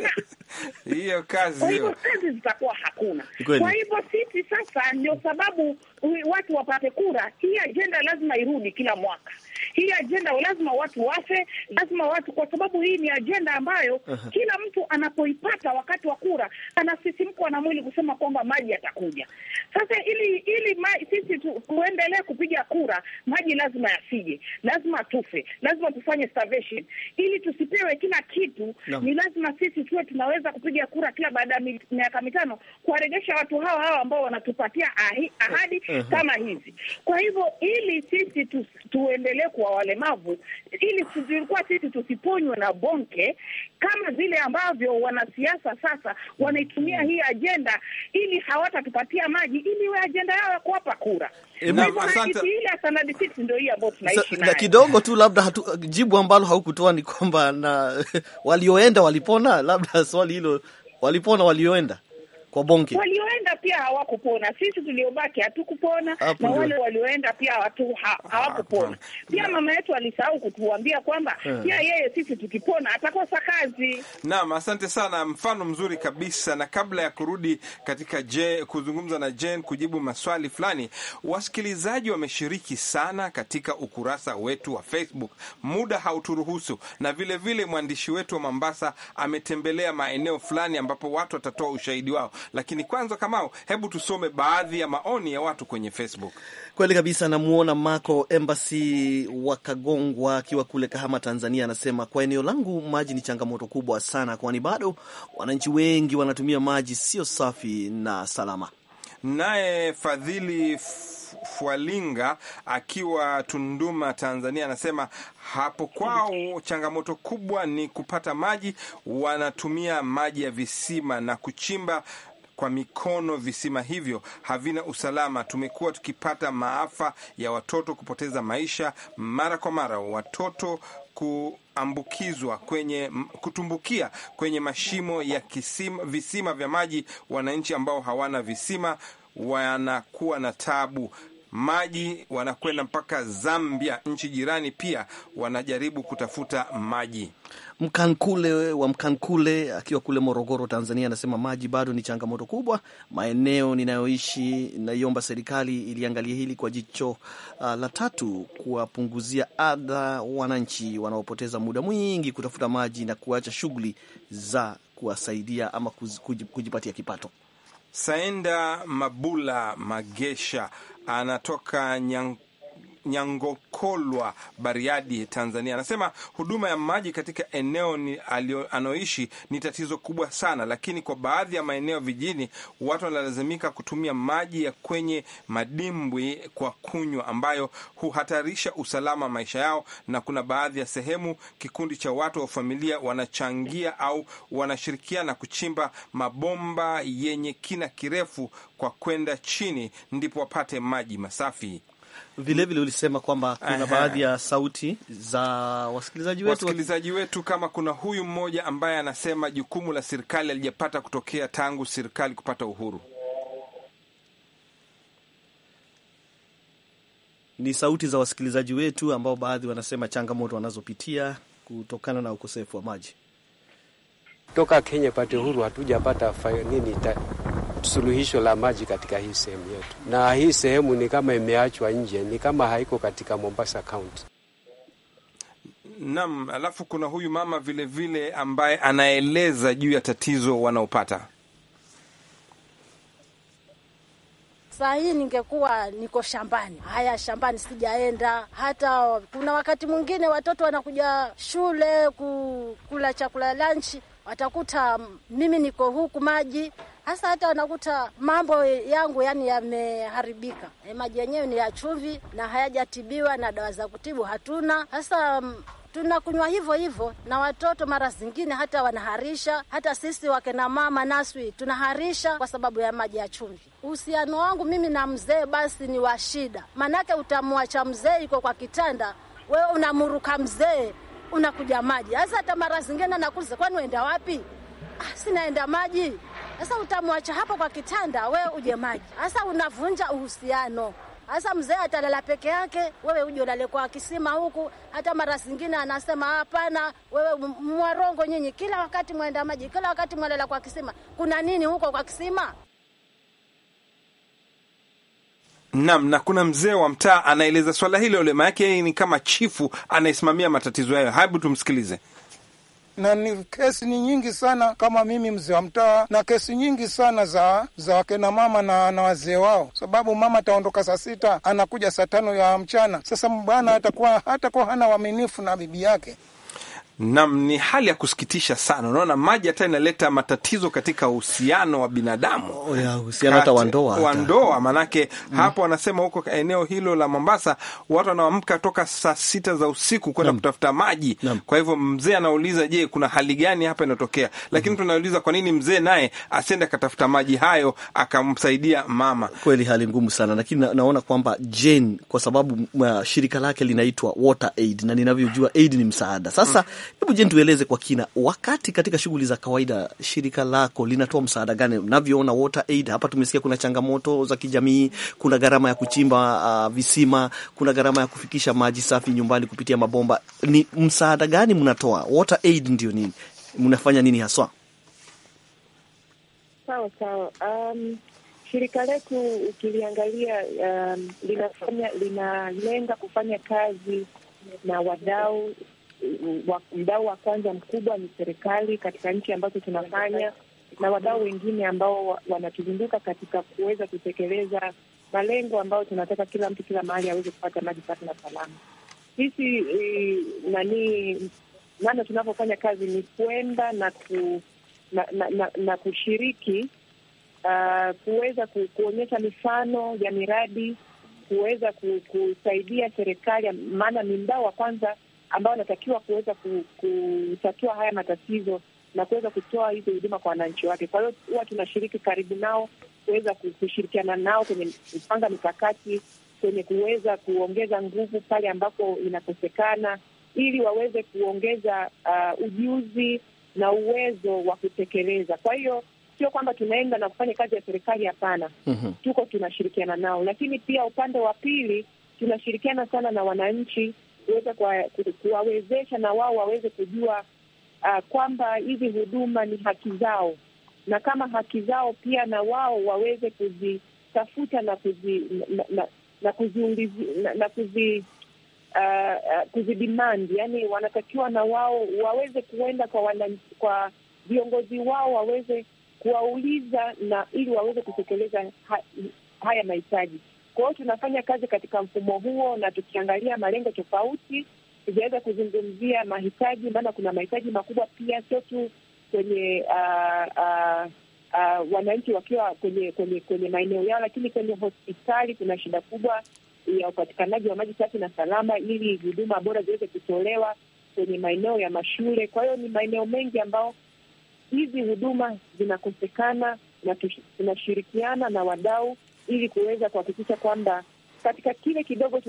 [SPEAKER 2] hiyo kazi, kwa hivyo
[SPEAKER 4] kazi zitakuwa hakuna. Kwa hivyo sisi sasa, ndio sababu watu wapate kura. Hii ajenda lazima irudi kila mwaka, hii ajenda lazima watu wafe, lazima watu, kwa sababu hii ni ajenda ambayo -huh. kila mtu anapoipata wakati wa kura anasisimkwa na mwili kusema kwamba maji yatakuja. Sasa ili ili ma, sisi tu, tuendelee kupiga kura, maji lazima yasije, lazima tufe, lazima tufanye starvation ili tusipewe kila kitu no. Ni lazima sisi tuwe tunaweza kupiga kura kila baada ya miaka mitano kuwaregesha watu watu hawa hawa ambao wanatupatia ahadi uh -huh. kama hizi. Kwa hivyo ili sisi tu, tuendelee kuwa walemavu, ili tulikuwa sisi tusiponywe na bonke kama vile ambavyo wanasiasa sasa wanaitumia mm. hii ajenda, ili hawatatupatia maji, ili iwe ajenda yao ya kuwapa kura. Eh, tunaishi Na
[SPEAKER 1] kidogo tu labda hatu, jibu ambalo haukutoa ni kwamba na walioenda walipona, labda swali hilo, walipona walioenda kwa bonge.
[SPEAKER 4] Walioenda pia hawakupona, sisi tuliobaki hatukupona, na wale walioenda pia hawakupona pia. Mama yetu alisahau kutuambia kwamba eh. pia yeye, sisi tukipona atakosa kazi.
[SPEAKER 2] Naam, asante sana, mfano mzuri kabisa. Na kabla ya kurudi katika je, kuzungumza na Jane kujibu maswali fulani, wasikilizaji wameshiriki sana katika ukurasa wetu wa Facebook, muda hauturuhusu, na vilevile mwandishi wetu wa Mombasa ametembelea maeneo fulani ambapo watu watatoa ushahidi wao. Lakini kwanza, Kamao, hebu tusome baadhi ya maoni ya watu kwenye Facebook.
[SPEAKER 1] Kweli kabisa, namwona Mako Embassy wakagongwa akiwa kule Kahama, Tanzania, anasema kwa eneo langu maji ni changamoto kubwa sana, kwani bado wananchi wengi wanatumia maji sio safi na salama.
[SPEAKER 2] Naye Fadhili Fwalinga akiwa Tunduma, Tanzania, anasema hapo kwao changamoto kubwa ni kupata maji, wanatumia maji ya visima na kuchimba kwa mikono visima hivyo havina usalama. Tumekuwa tukipata maafa ya watoto kupoteza maisha mara kwa mara, watoto kuambukizwa kwenye kutumbukia kwenye mashimo ya kisima, visima vya maji. Wananchi ambao hawana visima wanakuwa na tabu maji, wanakwenda mpaka Zambia, nchi jirani, pia wanajaribu kutafuta maji.
[SPEAKER 1] Mkankule wa Mkankule akiwa kule Morogoro, Tanzania, anasema maji bado ni changamoto kubwa maeneo ninayoishi. Naiomba serikali iliangalia hili kwa jicho uh, la tatu, kuwapunguzia adha wananchi wanaopoteza muda mwingi kutafuta maji na kuacha shughuli za kuwasaidia ama kujipatia kipato.
[SPEAKER 2] Saenda Mabula Magesha anatoka Nyang Nyangokolwa, Bariadi, Tanzania, anasema huduma ya maji katika eneo anaoishi ni tatizo kubwa sana, lakini kwa baadhi ya maeneo vijijini watu wanalazimika kutumia maji ya kwenye madimbwi kwa kunywa, ambayo huhatarisha usalama maisha yao, na kuna baadhi ya sehemu kikundi cha watu wa familia wanachangia au wanashirikiana kuchimba mabomba yenye kina kirefu kwa kwenda chini, ndipo wapate maji masafi. Vilevile vile ulisema kwamba kuna baadhi ya sauti za wasikilizaji wetu, wasikilizaji wetu kama kuna huyu mmoja ambaye anasema jukumu la serikali alijapata kutokea tangu serikali kupata uhuru.
[SPEAKER 1] Ni sauti za wasikilizaji wetu ambao baadhi wanasema changamoto wanazopitia kutokana na ukosefu wa maji. Toka Kenya pate uhuru hatujapata nini
[SPEAKER 7] suluhisho la maji katika hii sehemu yetu, na hii sehemu ni kama imeachwa nje,
[SPEAKER 2] ni kama haiko katika Mombasa County. Naam, alafu kuna huyu mama vilevile vile ambaye anaeleza juu ya tatizo wanaopata
[SPEAKER 3] Saa hii ningekuwa niko shambani. Haya, shambani sijaenda. Hata kuna wakati mwingine watoto wanakuja shule kukula chakula lunch, watakuta mimi niko huku maji Hasa hata wanakuta mambo yangu yani yameharibika, e, maji yenyewe ni ya chumvi na hayajatibiwa na dawa za kutibu hatuna. Hasa mm, tunakunywa hivyo hivyo, na watoto mara zingine hata wanaharisha, hata sisi wakina mama naswi tunaharisha kwa sababu ya maji ya chumvi. Uhusiano wangu mimi na mzee basi ni wa shida, maanake utamwacha mzee iko kwa kitanda, wewe unamuruka mzee unakuja maji. Hasa hata mara zingine nakuuliza, kwani uenda wapi? Ah, sinaenda maji. Sasa utamwacha hapo kwa kitanda, wewe uje maji. Sasa unavunja uhusiano. Sasa mzee atalala peke yake, wewe uje ulale kwa kisima huku. Hata mara zingine anasema hapana, wewe mwarongo nyinyi, kila wakati mwaenda maji, kila wakati mwalala kwa kisima. Kuna nini huko kwa kisima?
[SPEAKER 2] Nam, na kuna mzee wa mtaa anaeleza swala hilo, ulema yake ni kama chifu anayesimamia matatizo hayo. Hebu tumsikilize na ni kesi ni nyingi sana, kama mimi mzee wa mtaa, na kesi nyingi sana za za wakena mama na, na wazee wao, sababu mama ataondoka saa sita anakuja saa tano ya mchana. Sasa bwana atakuwa hatakuwa hana uaminifu na bibi yake. Nam, ni hali ya kusikitisha sana. Unaona, maji hata inaleta matatizo katika uhusiano wa binadamu,
[SPEAKER 1] oh, uhusiano hata wa ndoa, wa
[SPEAKER 2] ndoa manake mm. Hapo wanasema huko eneo hilo la Mombasa watu wanaamka toka saa sita za usiku kwenda kutafuta maji Nam. Kwa hivyo mzee anauliza, je, kuna hali gani hapa inatokea? Lakini mtu mm-hmm. anauliza kwa nini mzee naye asiende akatafuta maji hayo akamsaidia mama.
[SPEAKER 1] Kweli hali ngumu sana, lakini naona kwamba Jane, kwa sababu uh, shirika lake linaitwa na ninavyojua aid ni msaada sasa mm. Hebu je, tueleze kwa kina, wakati katika shughuli za kawaida shirika lako linatoa msaada gani? Unavyoona Water Aid hapa, tumesikia kuna changamoto za kijamii, kuna gharama ya kuchimba uh, visima, kuna gharama ya kufikisha maji safi nyumbani kupitia mabomba. Ni msaada gani mnatoa? Water Aid ndio nini, mnafanya nini haswa?
[SPEAKER 4] Sawa sawa. Um, shirika letu ukiliangalia, um, linafanya linalenga kufanya kazi na wadau mdau wa kwanza mkubwa ni serikali katika nchi ambazo tunafanya na wadau wengine ambao wanatuzunguka katika kuweza kutekeleza malengo ambayo tunataka kila mtu kila mahali aweze kupata maji safi na salama. Sisi e, nani namna tunavyofanya kazi ni kwenda na, ku, na, na, na, na kushiriki uh, kuweza ku, kuonyesha mifano ya miradi kuweza ku, kusaidia serikali, maana ni mdao wa kwanza ambao anatakiwa kuweza kutatua haya matatizo na kuweza kutoa hizo huduma kwa wananchi wake. Kwa hiyo huwa tunashiriki karibu nao kuweza kushirikiana nao kwenye kupanga mikakati, kwenye kuweza kuongeza nguvu pale ambapo inakosekana, ili waweze kuongeza uh, ujuzi na uwezo wa kutekeleza. Kwa hiyo sio kwamba tunaenda na kufanya kazi ya serikali, hapana. mm -hmm. Tuko tunashirikiana nao, lakini pia upande wa pili tunashirikiana sana na wananchi kuweza kuwawezesha na wao waweze kujua uh, kwamba hizi huduma ni haki zao, na kama haki zao pia na wao waweze kuzitafuta na kuzi na, kuzi, na, kuzi uh, ah, ah, Yani wanatakiwa na wao waweze kuenda kwa wana, kwa viongozi wao waweze kuwauliza na ili waweze kutekeleza ha, haya mahitaji. Kwa hiyo tunafanya kazi katika mfumo huo, na tukiangalia malengo tofauti, tujaweza kuzungumzia mahitaji, maana kuna mahitaji makubwa pia, sio tu kwenye uh, uh, uh, wananchi wakiwa kwenye kwenye kwenye maeneo yao, lakini kwenye hospitali kuna shida kubwa ya upatikanaji wa maji safi na salama, ili huduma bora ziweze kutolewa kwenye maeneo ya mashule. Kwa hiyo ni maeneo mengi ambao hizi huduma zinakosekana, na tunashirikiana na wadau ili kuweza kuhakikisha kwamba katika kile kidogo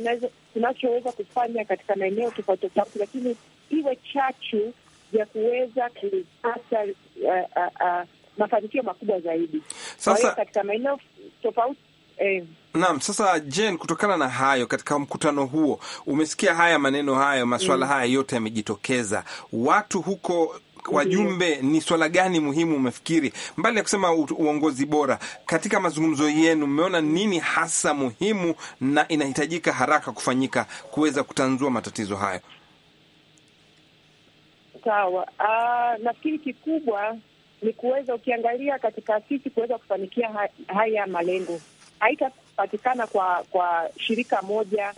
[SPEAKER 4] tunachoweza kufanya katika maeneo tofauti tofauti, lakini iwe chachu ya kuweza kupata uh, uh, uh, mafanikio makubwa zaidi. Sasa katika maeneo tofauti eh.
[SPEAKER 2] Naam, sasa Jen, kutokana na hayo, katika mkutano huo umesikia haya maneno hayo, maswala mm, haya yote yamejitokeza. Watu huko wajumbe, ni swala gani muhimu umefikiri, mbali ya kusema uongozi bora? Katika mazungumzo yenu mmeona nini hasa muhimu na inahitajika haraka kufanyika kuweza kutanzua matatizo hayo?
[SPEAKER 4] Sawa, ah, nafikiri kikubwa ni kuweza, ukiangalia katika sisi kuweza kufanikia haya malengo, haitapatikana kwa kwa shirika moja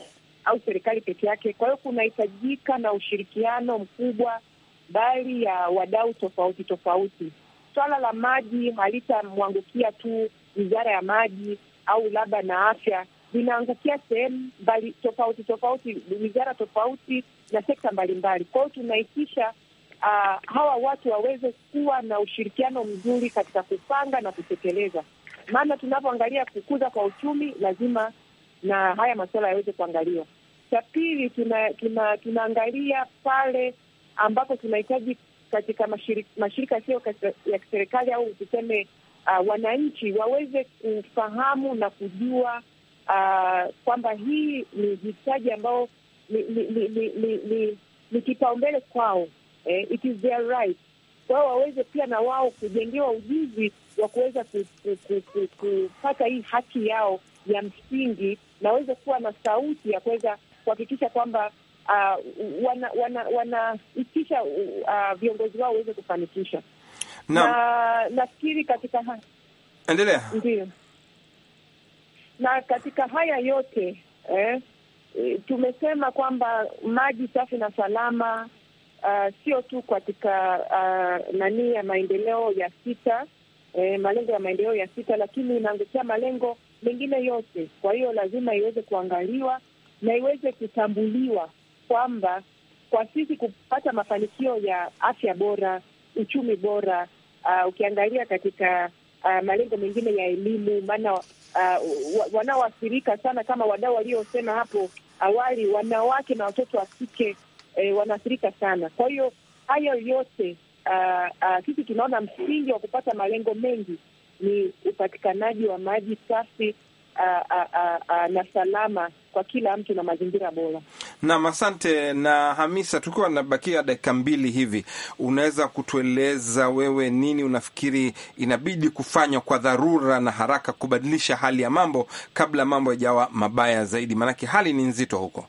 [SPEAKER 4] au serikali peke yake. Kwa hiyo kunahitajika na ushirikiano mkubwa bali ya wadau tofauti tofauti. Swala la maji halitamwangukia tu wizara ya maji au labda na afya, linaangukia sehemu mbali tofauti tofauti, wizara tofauti na sekta mbalimbali. Kwa hiyo tunaitisha uh, ah, hawa watu waweze kuwa na ushirikiano mzuri katika kupanga na kutekeleza, maana tunapoangalia kukuza kwa uchumi lazima na haya masuala yaweze kuangaliwa. Cha pili, tuna, tuna, tunaangalia pale ambapo tunahitaji katika mashirika, mashirika yasiyo ya kiserikali au tuseme uh, wananchi waweze kufahamu na kujua uh, kwamba hii ni hitaji ambao ni, kipaumbele kwao eh, it is their right kwao, waweze pia na wao kujengewa ujuzi wa kuweza kupata hii haki yao ya msingi na waweze kuwa na sauti ya kuweza kuhakikisha kwamba wanaitisha uh, wana, wana, uh, viongozi wao waweze kufanikisha na, na nafikiri katika haya endelea ndio, na katika haya yote eh, tumesema kwamba maji safi na salama uh, sio tu katika uh, nani ya maendeleo ya sita eh, malengo ya maendeleo ya sita, lakini inaangukia malengo mengine yote. Kwa hiyo lazima iweze kuangaliwa na iweze kutambuliwa kwamba kwa sisi kupata mafanikio ya afya bora, uchumi bora, uh, ukiangalia katika uh, malengo mengine ya elimu, maana uh, wanaoathirika sana kama wadau waliosema hapo awali, wanawake na watoto wa kike eh, wanaathirika sana. Kwa hiyo hayo yote uh, uh, sisi tunaona msingi wa kupata malengo mengi ni upatikanaji wa maji safi uh, uh, uh, uh, na salama kwa kila mtu na mazingira bora.
[SPEAKER 2] Nam, asante na Hamisa, tukiwa nabakia dakika mbili hivi, unaweza kutueleza wewe nini unafikiri inabidi kufanywa kwa dharura na haraka kubadilisha hali ya mambo kabla mambo yajawa mabaya zaidi? Maanake hali ni nzito huko.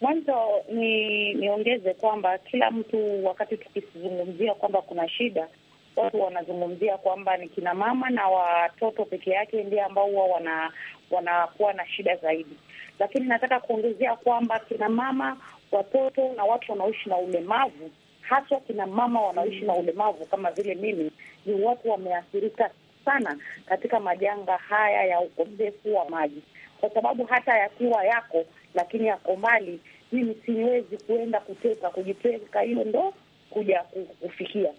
[SPEAKER 4] Mwanzo ni niongeze kwamba kila mtu, wakati tukizungumzia kwamba kuna shida, watu wanazungumzia kwamba ni kina mama na watoto peke yake ndio ambao huwa wana wanakuwa na shida zaidi lakini nataka kuongezea kwamba kina mama, watoto na watu wanaoishi na ulemavu, haswa kina mama wanaoishi na ulemavu kama vile mimi, ni watu wameathirika sana katika majanga haya ya ukosefu wa maji, kwa sababu hata yakiwa yako lakini yako mbali, mimi siwezi kuenda kuteka kujiteka hiyo ndo kuja kufikia.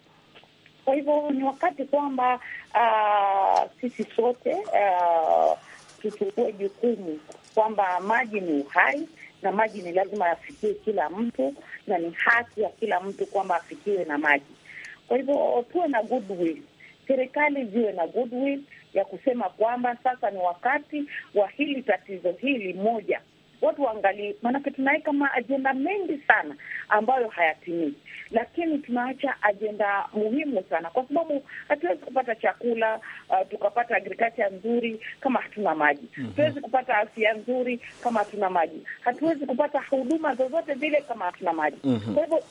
[SPEAKER 4] Kwa hivyo ni wakati kwamba uh, sisi sote uh, tuchukue jukumu kwamba maji ni uhai na maji ni lazima yafikie kila mtu, na ni haki ya kila mtu kwamba afikiwe na maji. Kwa hivyo tuwe na goodwill, serikali ziwe na goodwill ya kusema kwamba sasa ni wakati wa hili tatizo hili moja watu waangalie, maanake tunaweka maajenda mengi sana ambayo hayatimii, lakini tunaacha ajenda muhimu sana, kwa sababu hatuwezi kupata chakula uh, tukapata agriculture nzuri kama hatuna maji mm -hmm. kupata afya nzuri kama hatuna maji, hatuwezi kupata huduma zozote vile kama hatuna maji mm -hmm. Kwa hivyo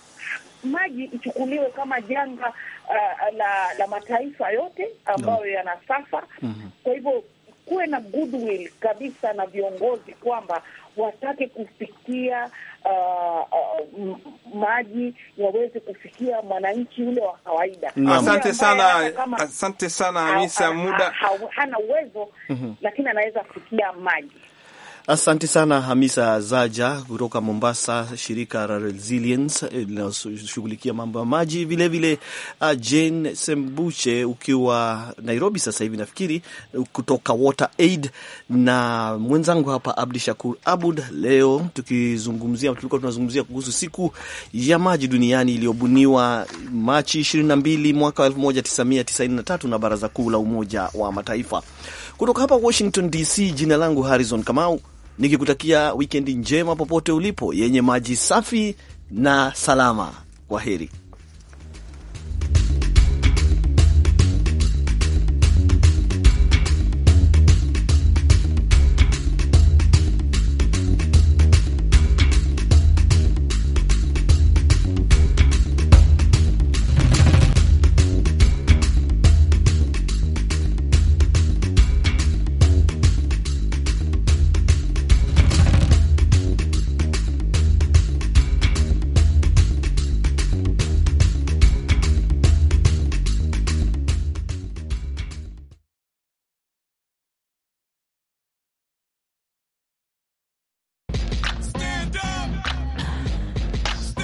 [SPEAKER 4] maji ichukuliwe kama janga uh, la, la mataifa yote ambayo no. yanasafa mm -hmm. Kwa hivyo kuwe na goodwill kabisa na viongozi kwamba watake kufikia uh, uh, maji yaweze kufikia mwananchi ule wa kawaida. Asante sana,
[SPEAKER 2] asante sana Hamisa, muda
[SPEAKER 4] hana uwezo mhm. lakini anaweza kufikia maji.
[SPEAKER 1] Asante sana Hamisa Zaja kutoka Mombasa, shirika la Resilience linaloshughulikia mambo ya maji. Vilevile uh, Jane Sembuche ukiwa Nairobi sasa hivi nafikiri, kutoka Water Aid, na mwenzangu hapa Abdi Shakur Abud. Leo tukizungumzia, tulikuwa tunazungumzia kuhusu siku ya maji duniani iliyobuniwa Machi 22 mwaka 1993 na Baraza Kuu la Umoja wa Mataifa. Kutoka hapa Washington DC, jina langu Harrison Kamau nikikutakia wikendi njema popote ulipo, yenye maji safi na salama. Kwa heri.